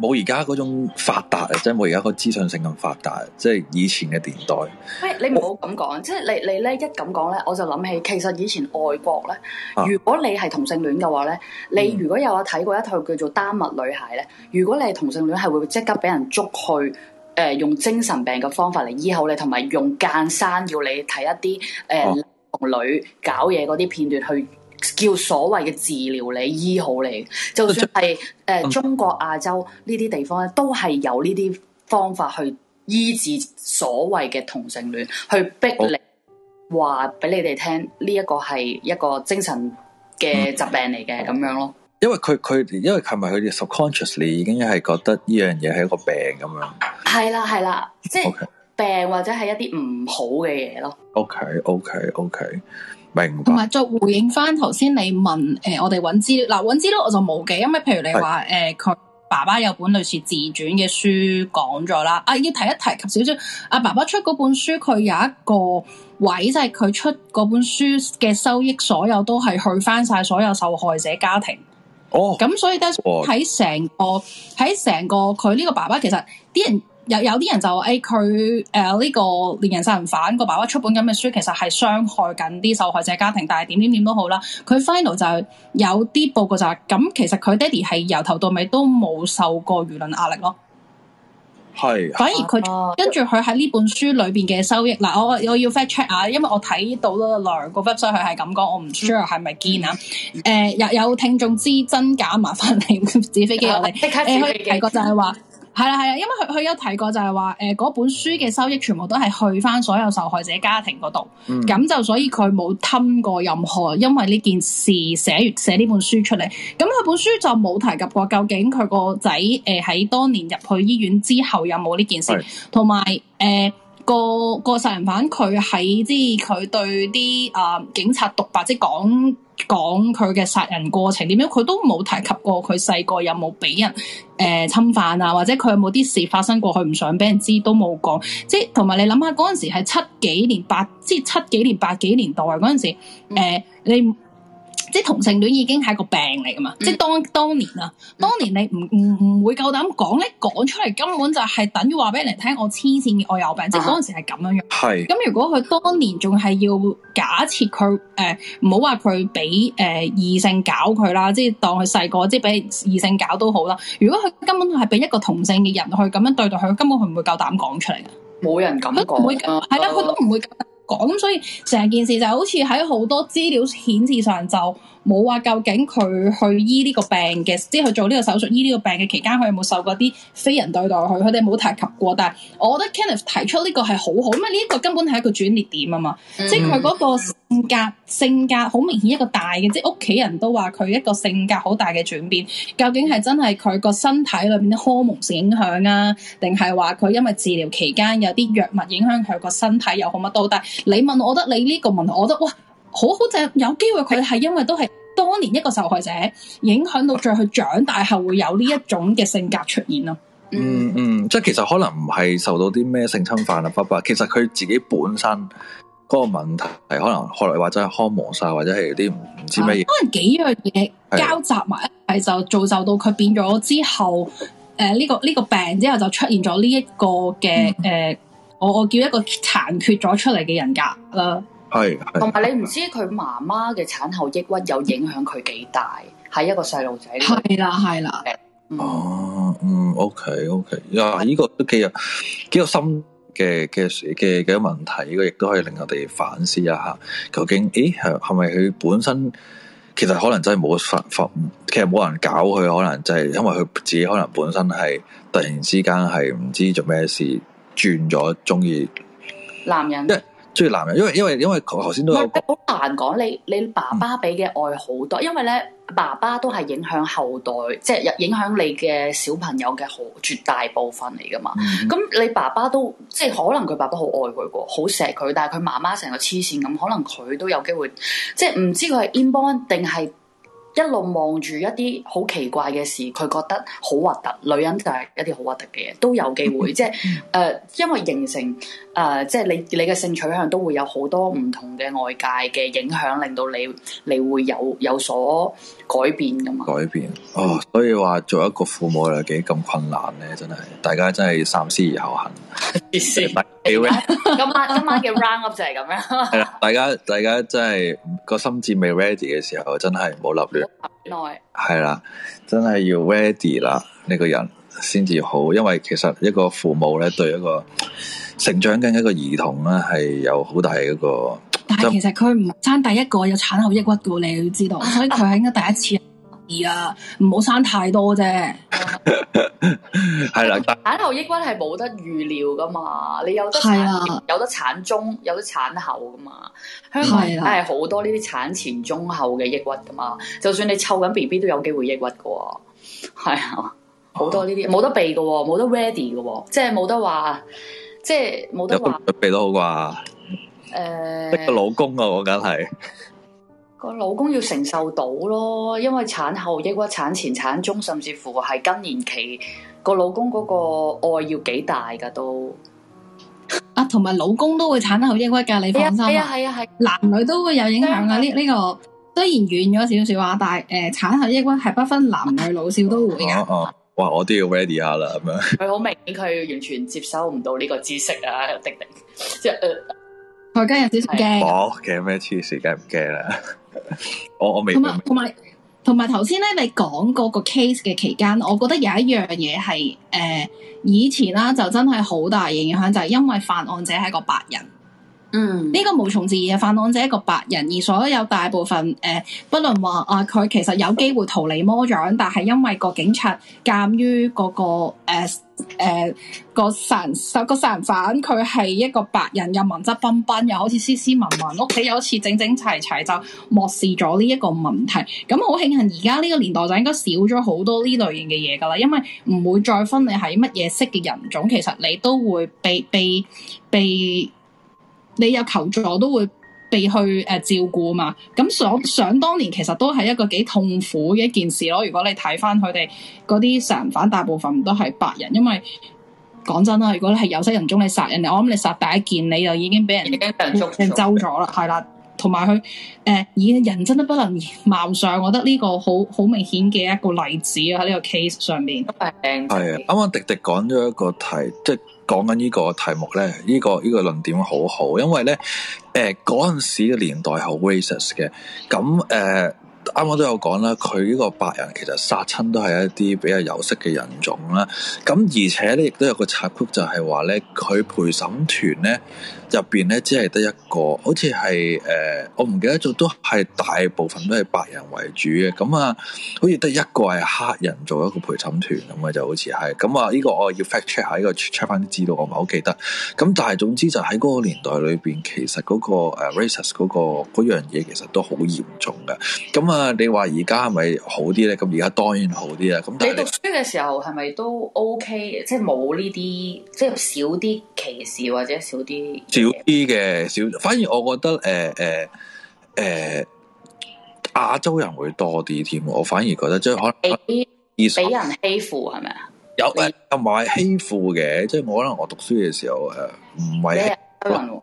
冇而家嗰種發達啊，即係冇而家嗰資訊性咁發達，即係以前嘅年代。喂、hey, 我，你唔好咁講，即係你你咧一咁講咧，我就諗起其實以前外國咧，啊、如果你係同性戀嘅話咧，你如果有睇過一套叫做《丹麥女孩》咧、嗯，如果你係同性戀，係會即刻俾人捉去誒、呃、用精神病嘅方法嚟醫好你，同埋用間山要你睇一啲誒同女搞嘢嗰啲片段去。叫所謂嘅治療，你醫好你，就算係誒、嗯呃、中國、亞洲呢啲地方咧，都係有呢啲方法去醫治所謂嘅同性戀，去逼你話俾你哋聽，呢一個係一個精神嘅疾病嚟嘅咁樣咯。因為佢佢因為係咪佢哋 subconsciously 已經係覺得呢樣嘢係一個病咁樣？係啦，係啦，係啦，Okay，即係病或者係一啲唔好嘅嘢咯。OK OK OK。明，同埋再回應翻頭先你問，誒、呃，我哋揾資料，嗱、啊，揾資料我就冇記，因為譬如你話，誒是，佢、呃、爸爸有本類似自傳嘅書講咗啦，啊，要提一提及少少，阿、啊、爸爸出嗰本書，佢有一個位，就係、是、佢出嗰本書嘅收益，所有都係去翻晒所有受害者家庭，哦，咁所以咧，喺成、哦、個喺成個佢呢個爸爸，其實啲人。有有啲人就話，誒佢誒呢個連人殺人犯個爸爸出本咁嘅書，其實係傷害緊啲受害者家庭。但係點點點都好啦，佢 final 就係有啲報告就係咁，其實佢爹哋係由頭到尾都冇受過輿論壓力咯。係，反而佢跟住佢喺呢本書裏邊嘅收益嗱，我我要 fact check 啊，因為我睇到啦，來個 website 佢係咁講，我唔 sure 係咪堅啊。誒有有聽眾知真假，麻煩你。紙飛機入嚟。你去提就係話。係啦，係啊，因為佢佢有提過就係話，誒、呃、嗰本書嘅收益全部都係去翻所有受害者家庭嗰度，咁、嗯、就所以佢冇吞過任何，因為呢件事寫寫呢本書出嚟，咁佢本書就冇提及過究竟佢個仔誒喺當年入去醫院之後有冇呢件事，同埋誒個個殺人犯佢喺即係佢對啲啊、呃、警察獨白即係講。講佢嘅殺人過程點樣，佢都冇提及過佢細個有冇俾人誒、呃、侵犯啊，或者佢有冇啲事發生過，佢唔想俾人知都冇講。即係同埋你諗下嗰陣時係七幾年八，即係七幾年八幾年代嗰陣時，誒、呃、你。即係同性戀已經係一個病嚟㗎嘛？嗯、即係當當年啊，嗯、當年你唔唔唔會夠膽講咧，講出嚟根本就係等於話俾人聽我黐線，我有病。啊、即係嗰陣時係咁樣樣。係是。咁如果佢當年仲係要假設佢誒唔好話佢俾誒異性搞佢啦，即係當佢細個，即係俾異性搞都好啦。如果佢根本係俾一個同性嘅人去咁樣對待佢，根本佢唔會夠膽講出嚟嘅。冇人敢講。都係啦，佢都唔會。啊啊啊。咁，所以成件事就好似喺好多資料顯示上就，冇話究竟佢去醫呢個病嘅，即係去做呢個手術醫呢個病嘅期間，佢有冇受過啲非人對待？佢佢哋冇提及過。但係我覺得 Kenneth 提出呢個係好好，因為呢一個根本係一個轉捩點啊嘛。嗯、即係佢嗰個性格性格好明顯一個大嘅，即係屋企人都話佢一個性格好大嘅轉變。究竟係真係佢個身體裏面啲荷爾蒙性影響啊，定係話佢因為治療期間有啲藥物影響佢個身體又好乜都？但係你問我，我覺得你呢個問題，我覺得哇！好好正，有機會佢係因為都係當年一個受害者，影響到再佢長大後會有呢一種嘅性格出現咯、嗯嗯。嗯嗯，即係其實可能唔係受到啲咩性侵犯啊，不不，其實佢自己本身嗰個問題，可能後來或者係康亡曬，或者係啲唔知咩嘢、啊，可能幾樣嘢交集埋一齊就造就到佢變咗之後，誒、呃、呢、這個呢、這個病之後就出現咗呢一個嘅誒、嗯呃，我我叫一個殘缺咗出嚟嘅人格啦。係，同埋你唔知佢媽媽嘅產後抑鬱有影響佢幾大，係一個細路仔。係啦，係啦。哦、嗯啊，嗯，OK，OK，因呢個都幾有幾有心嘅嘅嘅嘅問題，呢、這個亦都可以令我哋反思一下，究竟，咦，係係咪佢本身其實可能真係冇發發，其實冇人搞佢，可能就係因為佢自己可能本身係突然之間係唔知做咩事轉咗中意男人。中意男人，因為因為因為頭先都有講，好難講。你你爸爸俾嘅愛好多，嗯、因為咧爸爸都係影響後代，即係影響你嘅小朋友嘅好絕大部分嚟㗎嘛。咁、嗯、你爸爸都即係可能佢爸爸好愛佢喎，好錫佢，但係佢媽媽成個黐線咁，可能佢都有機會，即係唔知佢係 inborn 定係。一路望住一啲好奇怪嘅事，佢覺得好核突。女人就係一啲好核突嘅嘢，都有機會， 即係誒、呃，因為形成誒、呃，即係你你嘅性取向都會有好多唔同嘅外界嘅影響，令到你你會有有所。改變噶嘛？改變哦，所以話做一個父母又幾咁困難咧，真係大家真係三思而後行。今晚今晚嘅 round up 就係咁樣。係 啦，大家大家真係個心智未 ready 嘅時候，真係冇立亂。唔好留。係啦，真係要 ready 啦，呢、呢個人先至好，因為其實一個父母咧，對一個成長緊一個兒童咧，係有好大一個。但其實佢唔係生第一個有產後抑鬱噶，你要知道。所以佢係應該第一次，而啊，唔好生太多啫。係啦，產後抑鬱係冇得預料噶嘛。你有得產、啊、有得產中，有得產後噶嘛？香港係好多呢啲產前、中後嘅抑鬱噶嘛。就算你湊緊 B B 都有機會抑鬱噶，係啊，好 多呢啲冇得避噶、哦，冇得 ready 噶、哦，即係冇得話，即係冇得話。有得避都好啩、啊。誒，欸、一個老公啊，我梗係個老公要承受到咯，因為產後抑鬱、產前、產中，甚至乎係更年期，個老公嗰個愛要幾大噶都啊，同埋老公都會產後抑鬱噶，你放心啊，係啊係，哎哎哎、男女都會有影響噶，呢呢對、呢個雖然遠咗少少啊，但係誒、呃、產後抑鬱係不分男女老少都會、 啊啊啊啊、哇，我都要 ready 下啦，咁樣佢好明顯佢完全接收唔到呢個知識啊，即 係 我而家有少少驚，驚咩黐線？梗唔驚啦，我我未同埋同埋同埋頭先咧，你講個 case 嘅期間，我覺得有一樣嘢係，誒、呃，以前啦就真係好大影響，就係、是、因為犯案者係個白人。嗯，呢個無從置疑嘅犯案者一個白人，而所有大部分誒、呃，不論話啊，佢其實有機會逃離魔掌，但係因為個警察鑒於嗰個誒誒、呃呃、個殺殺個殺人犯，佢係一個白人，又文質彬彬，又好似斯斯文文，屋企又好似整整齊齊，就漠視咗呢一個問題。咁好慶幸而家呢個年代就應該少咗好多呢類型嘅嘢噶啦，因為唔會再分你係乜嘢色嘅人種，其實你都會被被被。被你有求助都會被去誒、呃、照顧嘛？咁想想當年其實都係一個幾痛苦嘅一件事咯。如果你睇翻佢哋嗰啲常犯，大部分都係白人，因為講真啦，如果你係有色人種你殺人，我你我諗你殺第一件，你就已經俾人哋俾人收咗啦，係啦。同埋佢已而、呃、人真得不能貌相，我覺得呢個好好明顯嘅一個例子喺呢個 case 上面。係啊，啱啱迪迪講咗一個題，即講緊呢個題目咧，呢、這個呢、這個論點好好，因為咧，誒嗰陣時嘅年代好 racist 嘅，咁誒。呃啱啱都有講啦，佢呢個白人其實殺親都係一啲比較有色嘅人種啦。咁而且咧，亦都有個插曲就係話咧，佢陪審團咧入邊咧，只係得一個，好似係誒，我唔記得咗，都係大部分都係白人為主嘅。咁啊，好似得一個係黑人做一個陪審團咁嘅，就好似係咁啊。呢個我要 fact check 下，呢個 check 翻啲資料，我唔係好記得。咁但係總之就喺個年代裏邊，其實、嗰個誒、uh, racist 嗰、個樣嘢其實都好嚴重嘅。咁啊～啊！你話而家係咪好啲咧？咁而家當然好啲啦。咁你，你讀書嘅時候係咪都 OK？即係冇呢啲，即係少啲歧視或者少啲。少啲嘅少，反而我覺得誒誒誒，亞洲人會多啲添。我反而覺得即係可能俾俾人欺負係咪啊？有唔係欺負嘅， 即係我可能我讀書嘅時候誒，唔係。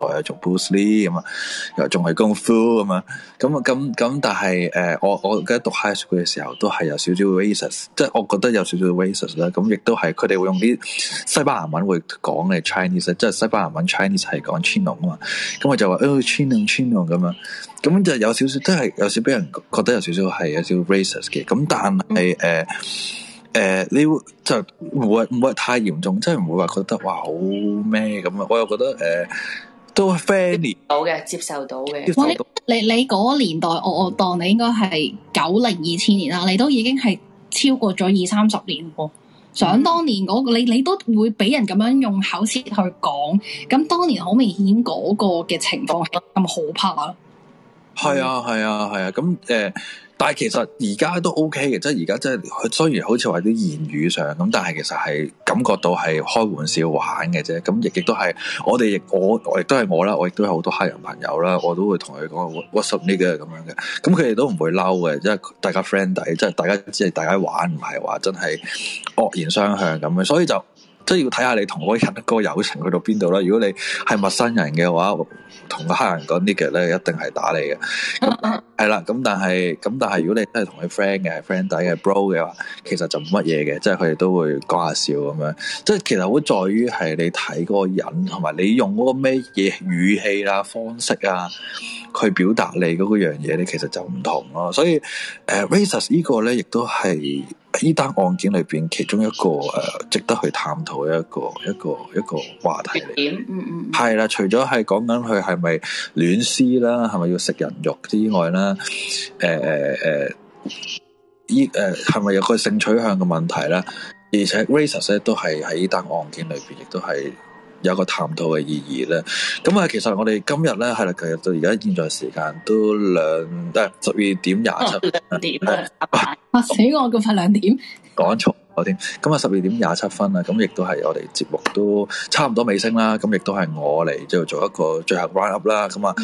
又做 Bruce Lee 咁啊，又仲係功夫咁啊，咁咁咁，但係誒，我我記得讀 high school 嘅時候，都係有少少 racist，即係我覺得有少少 racist 啦。咁亦都係佢哋會用啲西班牙文會講嘅 Chinese，即係西班牙文 Chinese 係講 Chino 啊嘛。咁我就話，嗯，Chino，Chino 咁啊，咁就有少少，即係有少俾人覺得有少少係有少 racist 嘅。咁但係誒誒，你、呃、會就唔會唔會太嚴重？即係唔會話覺得哇好咩咁啊？我又覺得誒。呃都係 family，嘅，接受到嘅。你你你嗰年代，我我當你應該係九零二千年啦，你都已經係超過咗二三十年喎。嗯、想當年、嗰個，你你都會俾人咁樣用口舌去講，咁當年明顯好明顯嗰個嘅情況係咁可怕啦。係、嗯、啊，係啊，係啊，咁誒。呃但係其實而家都 OK 嘅，即係而家即係雖然好似話啲言語上咁，但係其實係感覺到係開玩笑玩嘅啫。咁亦亦都係我哋亦我亦都係我啦，我亦都係好多黑人朋友啦，我都會同佢講 What's up nigga 咁樣嘅。咁佢哋都唔會嬲嘅，即係大家 friend 底，即係大家即係大家玩，唔係話真係惡言相向咁樣。所以就即係要睇下你同嗰個人嗰個友情去到邊度啦。如果你係陌生人嘅話，同個黑人講啲嘢咧，一定係打你嘅。係啦，咁 但係，咁但係，如果你真係同佢 friend 嘅， friend 底嘅，bro 嘅話，其實就冇乜嘢嘅，即係佢哋都會講下笑咁樣。即係其實會在於係你睇嗰個人，同埋你用嗰個咩嘢語氣啊、方式啊，去表達你嗰個樣嘢咧，其實就唔同咯。所以，誒、呃、，Races 呢個咧，亦都係。呢單案件裏邊，其中一個誒、呃、值得去探討嘅一個一個一個話題嚟。嗯嗯。係 啦，除咗係講緊佢係咪戀屍啦，係咪要食人肉之外啦，誒誒誒，呢誒係咪有個性取向嘅問題啦？而且 Razor 都係喺呢單案件裏邊，亦都係。有一個探討嘅意義咧，咁啊，其實我哋今日咧係啦，其實到而家現在時間都兩，誒、哎，十二點廿七、oh, 點，吓死、啊啊、我咁快兩點，講緊錯，我聽，咁啊，十二點廿七分啊，咁亦都係我哋節目都差唔多尾聲啦，咁亦都係我嚟，就做一個最後 round up 啦，咁啊，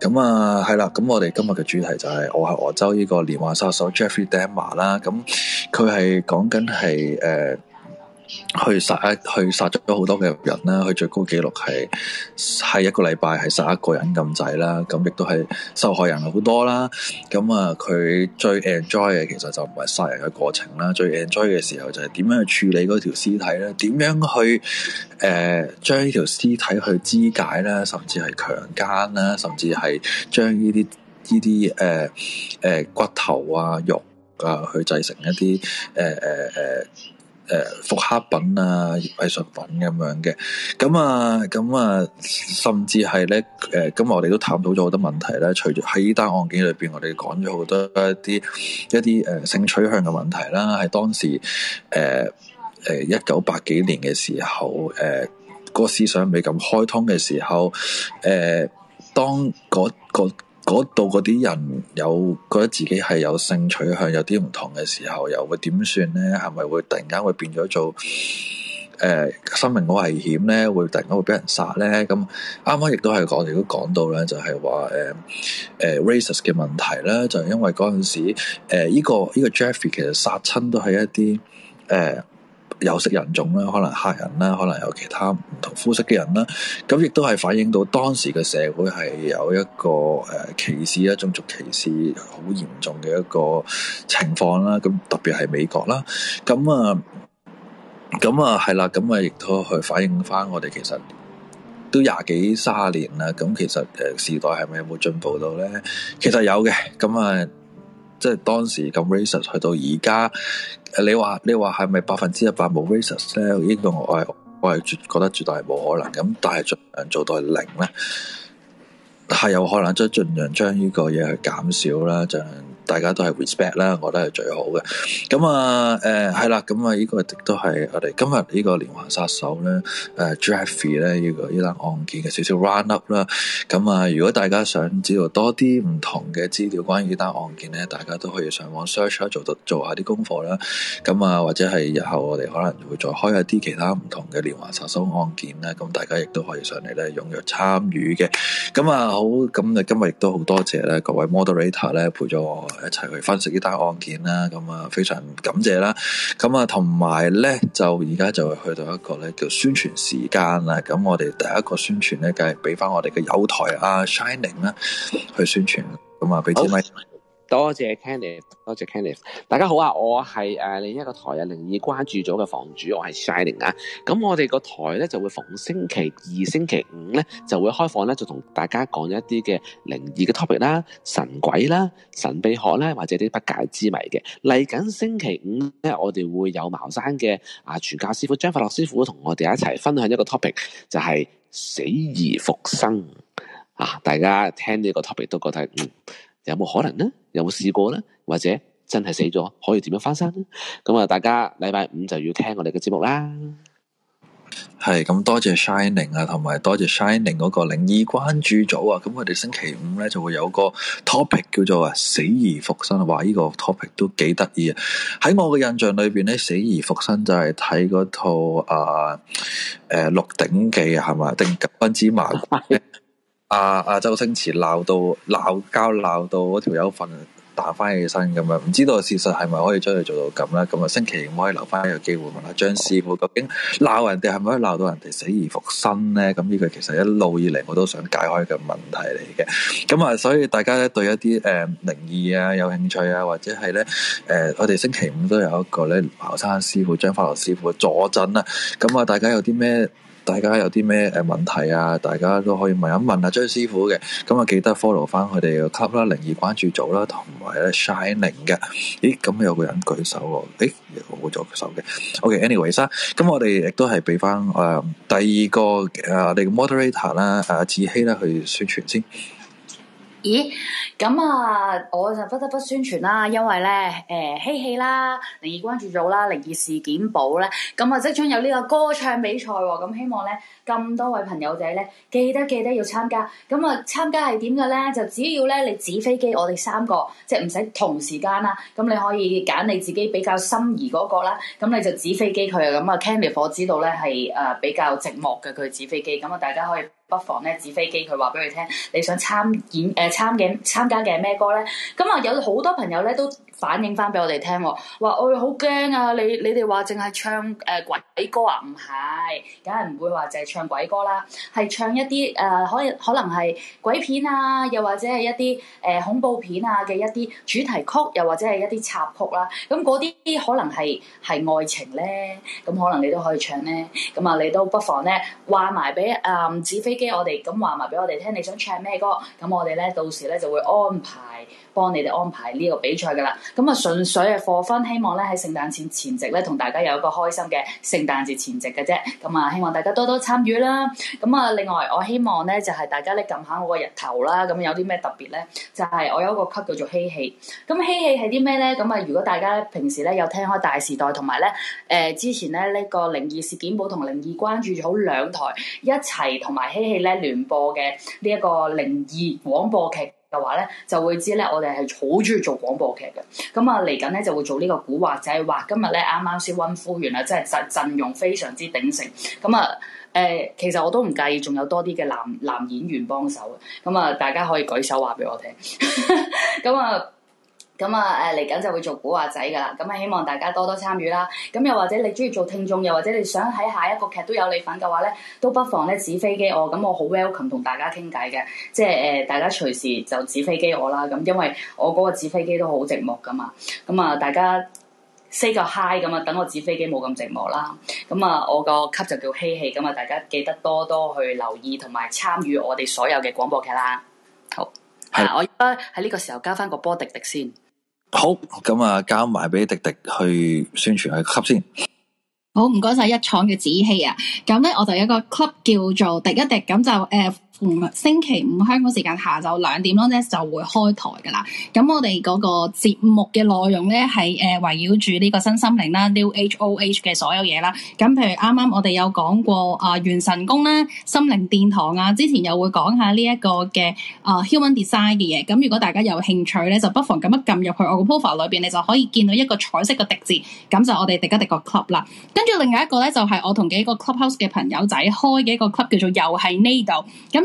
咁啊、mm，係、hmm. 啦，咁、嗯、我哋今日嘅主題就係、是、我係俄州呢個連環殺手 Jeffrey Dahmer 啦，咁佢係講緊係誒。呃去殺一去殺咗好多嘅人啦，佢最高紀錄係係一個禮拜係殺一個人咁滯啦，咁亦都係受害人好多啦，咁啊佢最 enjoy 嘅其實就唔係殺人嘅過程啦，最 enjoy 嘅時候就係點樣去處理嗰條屍體咧？點樣去誒將呢條屍體去肢解咧？甚至係強姦啦，甚至係將呢啲呢啲誒誒骨頭啊肉啊去製成一啲誒誒誒。呃呃呃誒複刻品啊，藝術品咁樣嘅，咁啊，咁啊，甚至係咧，誒、呃，今日我哋都談到咗好多問題咧。除咗喺呢單案件裏邊，我哋講咗好多一啲一啲誒、呃、性取向嘅問題啦。喺當時誒誒、呃呃、一九八幾年嘅時候，誒、呃、個思想未咁開通嘅時候，誒、呃、當嗰個。嗰度嗰啲人有覺得自己係有性取向有啲唔同嘅時候，又會點算咧？係咪會突然間會變咗做誒、呃、生命好危險咧？會突然間會俾人殺咧？咁啱啱亦都係講，亦都講到咧，就係話誒誒 racist 嘅問題咧，就係因為嗰陣時呢依、呃依個依、依個、Jeffrey 其實殺親都係一啲誒、呃有色人種啦，可能黑人啦，可能有其他唔同膚色嘅人啦，咁亦都係反映到當時嘅社會係有一個誒歧視，一 種族歧視好嚴重嘅一個情況啦。咁特別係美國啦，咁啊，咁啊係啦，咁啊亦都去反映翻我哋其實都廿幾三十年啦。咁其實誒時代係咪有冇進步到呢？其實有嘅，咁啊。即係當時咁 racist 去到而家，你話你話係咪百分之一百冇 racist 咧呢個，我係我係絕覺得絕對係冇可能咁，但係盡量做到係零咧，係有可能將盡量將呢個嘢去減少啦，就。大家都係 respect 啦，我覺得係最好嘅。咁啊，誒係啦，咁啊，呢個亦都係我哋今日呢個連環殺手咧，誒 Jeffery 咧呢、呢個呢單案件嘅少少 roundup 啦。咁啊，如果大家想知道多啲唔同嘅資料關於呢單案件咧，大家都可以上網 search 做做下啲功課啦。咁啊，或者係日後我哋可能會再開一啲其他唔同嘅連環殺手案件咧，咁大家亦都可以上嚟咧，踴躍參與嘅。咁啊，好，咁啊今日亦都好多謝咧各位 moderator 咧陪咗我。一齊去分析呢單案件啦，咁啊非常感謝啦，咁啊同埋咧就而家就去到一個咧叫宣傳時間啦，咁我哋第一個宣傳咧，梗係俾翻我哋嘅友台啊 Shining 啦、啊、去宣傳，咁啊俾支咪。多謝 Kenneth，多謝 Kenneth。大家好啊，我係誒、啊、另一個台啊靈異關注咗嘅房主，我係 Shining 啊。咁、嗯、我哋個台咧就會逢星期二、星期五咧就會開放咧，就同大家講一啲嘅靈異嘅 topic 啦、神鬼啦、神秘學啦，或者啲不解之謎嘅。嚟緊星期五咧，我哋會有茅山嘅啊傳教師傅張法樂師傅同我哋一齊分享一個 topic，就係死而復生啊！大家聽呢個 topic 都覺得嗯。有冇可能呢？有冇試過呢？或者真係死咗，可以點樣翻生呢？咁啊，大家禮拜五就要聽我哋嘅節目啦。係咁，多謝 Shining 啊，同埋多謝 Shining 嗰個靈異關注組啊。咁我哋星期五呢，就會有個 topic 叫做啊死而復生。話呢個 topic 都幾得意啊！喺我嘅印象裏邊呢，「死而復生就係睇嗰套啊誒《鹿鼎記》啊，係、呃、咪？定《金枝麻貴》？ 阿阿、啊、周星馳鬧到鬧交，鬧到嗰條友瞓彈翻起身咁樣，唔知道事實係咪可以將佢做到咁咧？咁啊，星期五可以留翻一個機會問下張師傅，究竟鬧人哋係咪可以鬧到人哋死而復生咧？咁呢個其實一路以嚟我都想解開嘅問題嚟嘅。咁啊，所以大家咧對一啲誒、呃、靈異啊有興趣啊，或者係咧誒，我哋星期五都有一個咧茅山師傅張法羅師傅助陣啦、啊。咁啊，大家有啲咩？大家有啲咩誒問題啊？大家都可以問一問啊，張師傅嘅。咁啊，記得 follow 翻佢哋嘅 club 啦、靈異關注組啦，同埋咧 shining 嘅。咦，咁有個人舉手喎？冇咗做手嘅。OK，anyways，咁我哋亦都係俾翻誒第二個誒、呃，我哋嘅 moderator 啦、呃，阿子希啦去宣傳先。咦，咁啊，我就不得不宣傳啦，因為咧，誒、欸，嬉戲啦，零二關注組啦，靈異事件簿咧，咁啊，即將有呢個歌唱比賽喎、哦，咁希望咧，咁多位朋友仔咧，記得記得要參加，咁啊，參加係點嘅咧？就只要咧，你紙飛機，我哋三個，即係唔使同時間啦，咁你可以揀你自己比較心儀嗰個啦，咁你就紙飛機佢啊，咁啊，Candy 火知道咧係誒比較寂寞嘅佢紙飛機，咁啊，大家可以。不妨咧紙飛機佢，話俾佢聽，你想參演誒，參嘅參加嘅係咩歌咧？咁、嗯、啊有好多朋友咧都。反映翻俾我哋聽，話我好驚啊！你你哋話淨係唱誒、呃、鬼歌啊？唔係，梗係唔會話淨係唱鬼歌啦，係唱一啲誒、呃，可能可能係鬼片啊，又或者係一啲誒、呃、恐怖片啊嘅一啲主題曲，又或者係一啲插曲啦。咁嗰啲可能係係愛情咧，咁可能你都可以唱咧。咁啊，你都不妨咧話埋俾啊紙飛機我哋，咁話埋俾我哋聽，你想唱咩歌？咁我哋咧到時咧就會安排。幫你哋安排呢個比賽㗎啦，咁啊純粹係課分，希望咧喺聖誕節前夕咧同大家有一個開心嘅聖誕節前夕嘅啫，咁啊希望大家多多參與啦。咁啊另外我希望咧就係、是、大家咧撳下我個日頭啦，咁有啲咩特別咧？就係、是、我有一個級叫做嬉戲，咁嬉戲係啲咩咧？咁啊如果大家平時咧有聽開大時代同埋咧誒之前咧呢、這個靈異事件簿同靈異關注好兩台一齊同埋嬉戲咧聯播嘅呢一個靈異廣播劇。嘅話咧，就會知咧，我哋係好中意做廣播劇嘅。咁啊，嚟緊咧就會做呢個古惑仔。話、即係、今日咧啱啱先温夫完啦，真係陣陣容非常之鼎盛。咁啊，誒、呃，其實我都唔介意，仲有多啲嘅男男演員幫手。咁啊，大家可以舉手話俾我聽。咁 啊。咁啊，誒嚟緊就會做古惑仔噶啦，咁、嗯、啊希望大家多多參與啦。咁、嗯、又或者你中意做聽眾，又或者你想喺下一個劇都有你份嘅話咧，都不妨咧紙飛機我，咁、嗯、我好 welcome 同大家傾偈嘅，即係誒、呃、大家隨時就紙飛機我啦，咁、嗯、因為我嗰個紙飛機都好寂寞噶嘛，咁、嗯、啊大家 say 個 hi 咁啊，等我紙飛機冇咁寂寞啦。咁、嗯、啊我個級就叫嬉戲，咁、hey、啊、hey 嗯、大家記得多多去留意同埋參與我哋所有嘅廣播劇啦。好，係的、啊，我應該喺呢個時候加翻個波迪迪先。好，咁啊，交埋俾迪迪去宣傳個 club 先。好，唔該晒一廠嘅子熙啊，咁呢我就有個 club 叫做迪一迪，咁就誒。呃嗯、星期五香港時間下晝兩點鐘咧就會開台噶啦。咁我哋嗰個節目嘅內容咧係誒圍繞住呢個新心靈啦、New H O H 嘅所有嘢啦。咁譬如啱啱我哋有講過啊、呃、元神宮啦、心靈殿堂啊，之前又會講下呢一個嘅啊 Human Design 嘅嘢。咁、呃、如果大家有興趣咧，就不妨咁一撳入去我個 profile 裏邊，你就可以見到一個彩色嘅滴字，咁就我哋滴一滴個 club 啦。跟住另一個咧就係、是、我同幾個 clubhouse 嘅朋友仔開嘅一個 club 叫做又係呢度。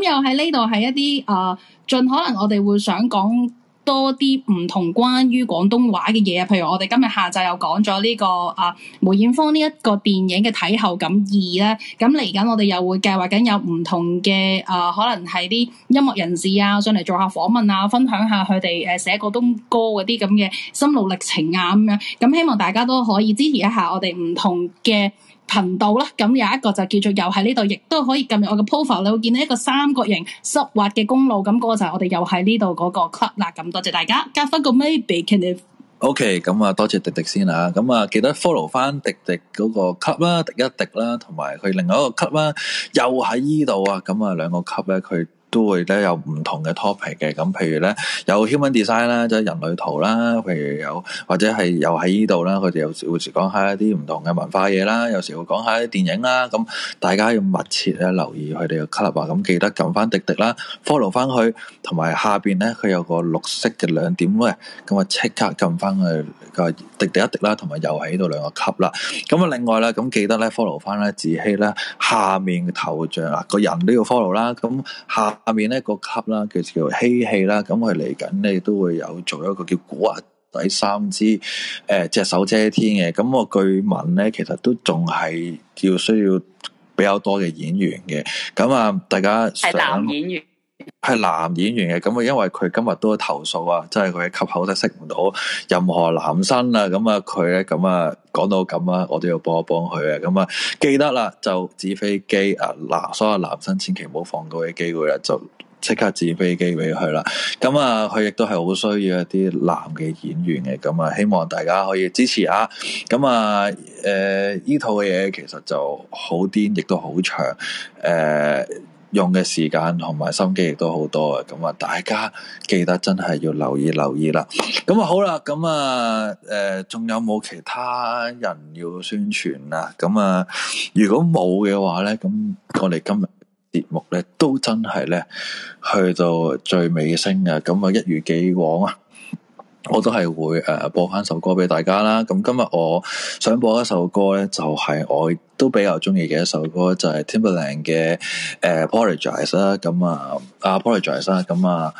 咁咁又喺呢度係一啲啊，盡可能我哋會想講多啲唔同關於廣東話嘅嘢。譬如我哋今日下晝又講咗呢個啊梅艷芳呢一個電影嘅睇後感二咧，咁嚟緊我哋又會計劃緊有唔同嘅啊，可能係啲音樂人士啊上嚟做下訪問啊，分享下佢哋誒寫廣東歌嗰啲咁嘅心路歷程啊咁樣，咁、啊、希望大家都可以支持一下我哋唔同嘅。頻道啦，咁有一個就叫做又喺呢度，亦都可以撳入我嘅 profile 你會見到一個三角形濕滑嘅公路，咁嗰個就係我哋又喺呢度嗰個 club 啦。咁多謝大家，加翻個咩俾佢哋？OK，咁啊，多謝迪迪先吓，咁啊，記得 follow 翻迪迪嗰個 club 啦，迪一迪啦，同埋佢另外一個 club 啦，又喺依度啊，咁啊，兩個 club 咧佢。都會咧有唔同嘅 topic 嘅，咁譬如咧有 human design 啦，即係人類圖啦，譬如有或者係又喺依度啦，佢哋有時會時講下一啲唔同嘅文化嘢啦，有時會講下啲電影啦，咁大家要密切咧留意佢哋嘅 color，咁記得撳翻滴滴啦，follow 翻佢，同埋下邊咧佢有個綠色嘅兩點喂，咁啊即刻撳翻去。滴滴一滴啦，同埋又喺度兩個級啦。咁啊，另外啦，咁記得咧 follow 翻咧自希啦，下面嘅頭像啊，個人都要 follow 啦。咁下面咧個級啦，叫叫嬉戲啦。咁佢嚟緊咧，都會有做一個叫古惑仔三支誒，隻手遮天嘅。咁個據聞咧，其實都仲係叫需要比較多嘅演員嘅。咁啊，大家想？係男演員。係男演員嘅，咁啊，因為佢今日都投訴啊，即係佢吸口都識唔到任何男生啊。咁啊，佢咧咁啊，講到咁啊，我都要幫一幫佢啊，咁啊，記得啦，就紙飛機啊，嗱所有男生千祈唔好放過嘅機會啦，就即刻紙飛機俾佢啦，咁啊，佢亦都係好需要一啲男嘅演員嘅，咁啊，希望大家可以支持下啊，咁、呃、啊，誒，呢套嘅嘢其實就好癲，亦都好長，誒、呃。用嘅時間同埋心機亦都好多啊！咁啊，大家記得真係要留意留意啦。咁啊，好啦，咁、呃、啊，誒，仲有冇其他人要宣傳啊？咁啊，如果冇嘅話咧，咁我哋今日節目咧都真係咧去到最尾聲啊！咁啊，一如既往啊！我都係會誒播翻首歌俾大家啦，咁今日我想播一首歌咧，就係我都比較中意嘅一首歌，就係 Timbaland 嘅誒 Apologize 啦，咁啊啊 Apologize 啦，咁啊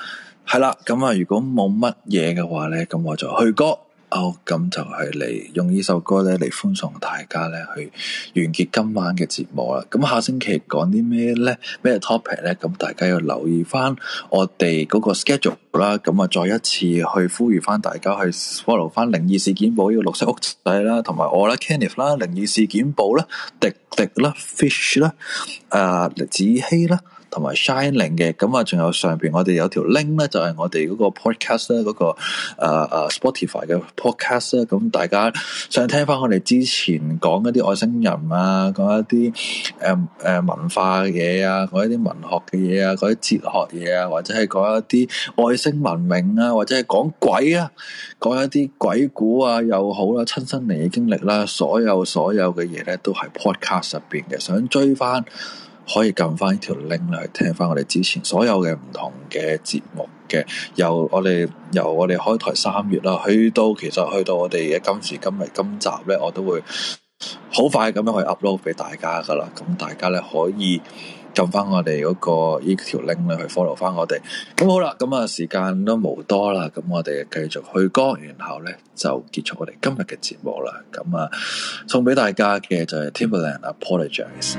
係啦，咁啊如果冇乜嘢嘅話咧，咁我就去歌。哦，咁、oh，就係嚟用呢首歌咧嚟歡送大家咧，去完結今晚嘅節目啦。咁下星期講啲咩咧？咩 topic 咧？咁大家要留意翻我哋嗰個 schedule 啦。咁啊，再一次去呼籲翻大家去 follow 翻靈異事件簿呢個綠色屋仔啦，同埋我啦，Kenneth 啦，靈異事件簿啦，迪迪啦，Fish 啦，誒、呃，子希啦。同埋 Shining 嘅，咁啊，仲有上邊我哋有條 link 咧，就係我哋嗰個 podcast 咧，嗰個誒誒 Spotify 嘅 podcast 咧，咁大家想聽翻我哋之前講一啲外星人啊，講一啲誒誒文化嘅嘢啊，講一啲文學嘅嘢啊，嗰啲哲學嘢啊，或者係講一啲外星文明啊，或者係講鬼啊，講一啲鬼故啊又好啦，親身嚟嘅經歷啦，所有所有嘅嘢咧都係 podcast 入邊嘅，想追翻。可以撳翻呢條 link 嚟聽翻我哋之前所有嘅唔同嘅節目嘅，由我哋由我哋開台三月啦，去到其實去到我哋嘅今時今日今集咧，我都會好快咁樣去 upload 俾大家噶啦。咁大家咧可以撳翻我哋嗰個呢條 link 咧去 follow 翻我哋。咁好啦，咁啊時間都冇多啦，咁我哋繼續去歌，然後咧就結束我哋今日嘅節目啦。咁啊，送俾大家嘅就係 Timbaland Apologize。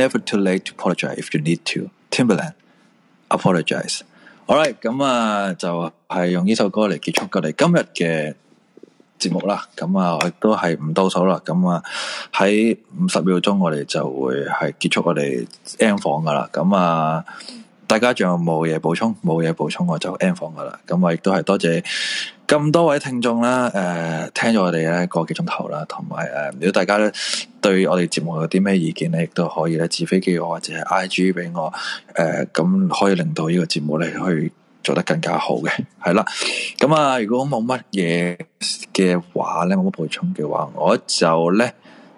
Never too late to apologize if you need to. Timberland, apologize. 好啦，咁啊就係用呢首歌嚟結束我哋今日嘅節目啦。咁啊亦都係唔到手啦。咁啊喺五十秒鐘我哋就會係結束我哋 M 房噶啦。咁啊大家仲有冇嘢補充？冇嘢補充我就 M 房噶啦。咁啊亦都係多謝。咁多位聽眾啦，誒、呃、聽咗我哋咧個幾鐘頭啦，同埋誒如果大家咧對我哋節目有啲咩意見咧，亦都可以咧紙飛機我或者係 IG 俾我，誒、呃、咁可以令到呢個節目咧去做得更加好嘅，係 啦。咁、嗯、啊，如果冇乜嘢嘅話咧，冇乜補充嘅話，我就咧。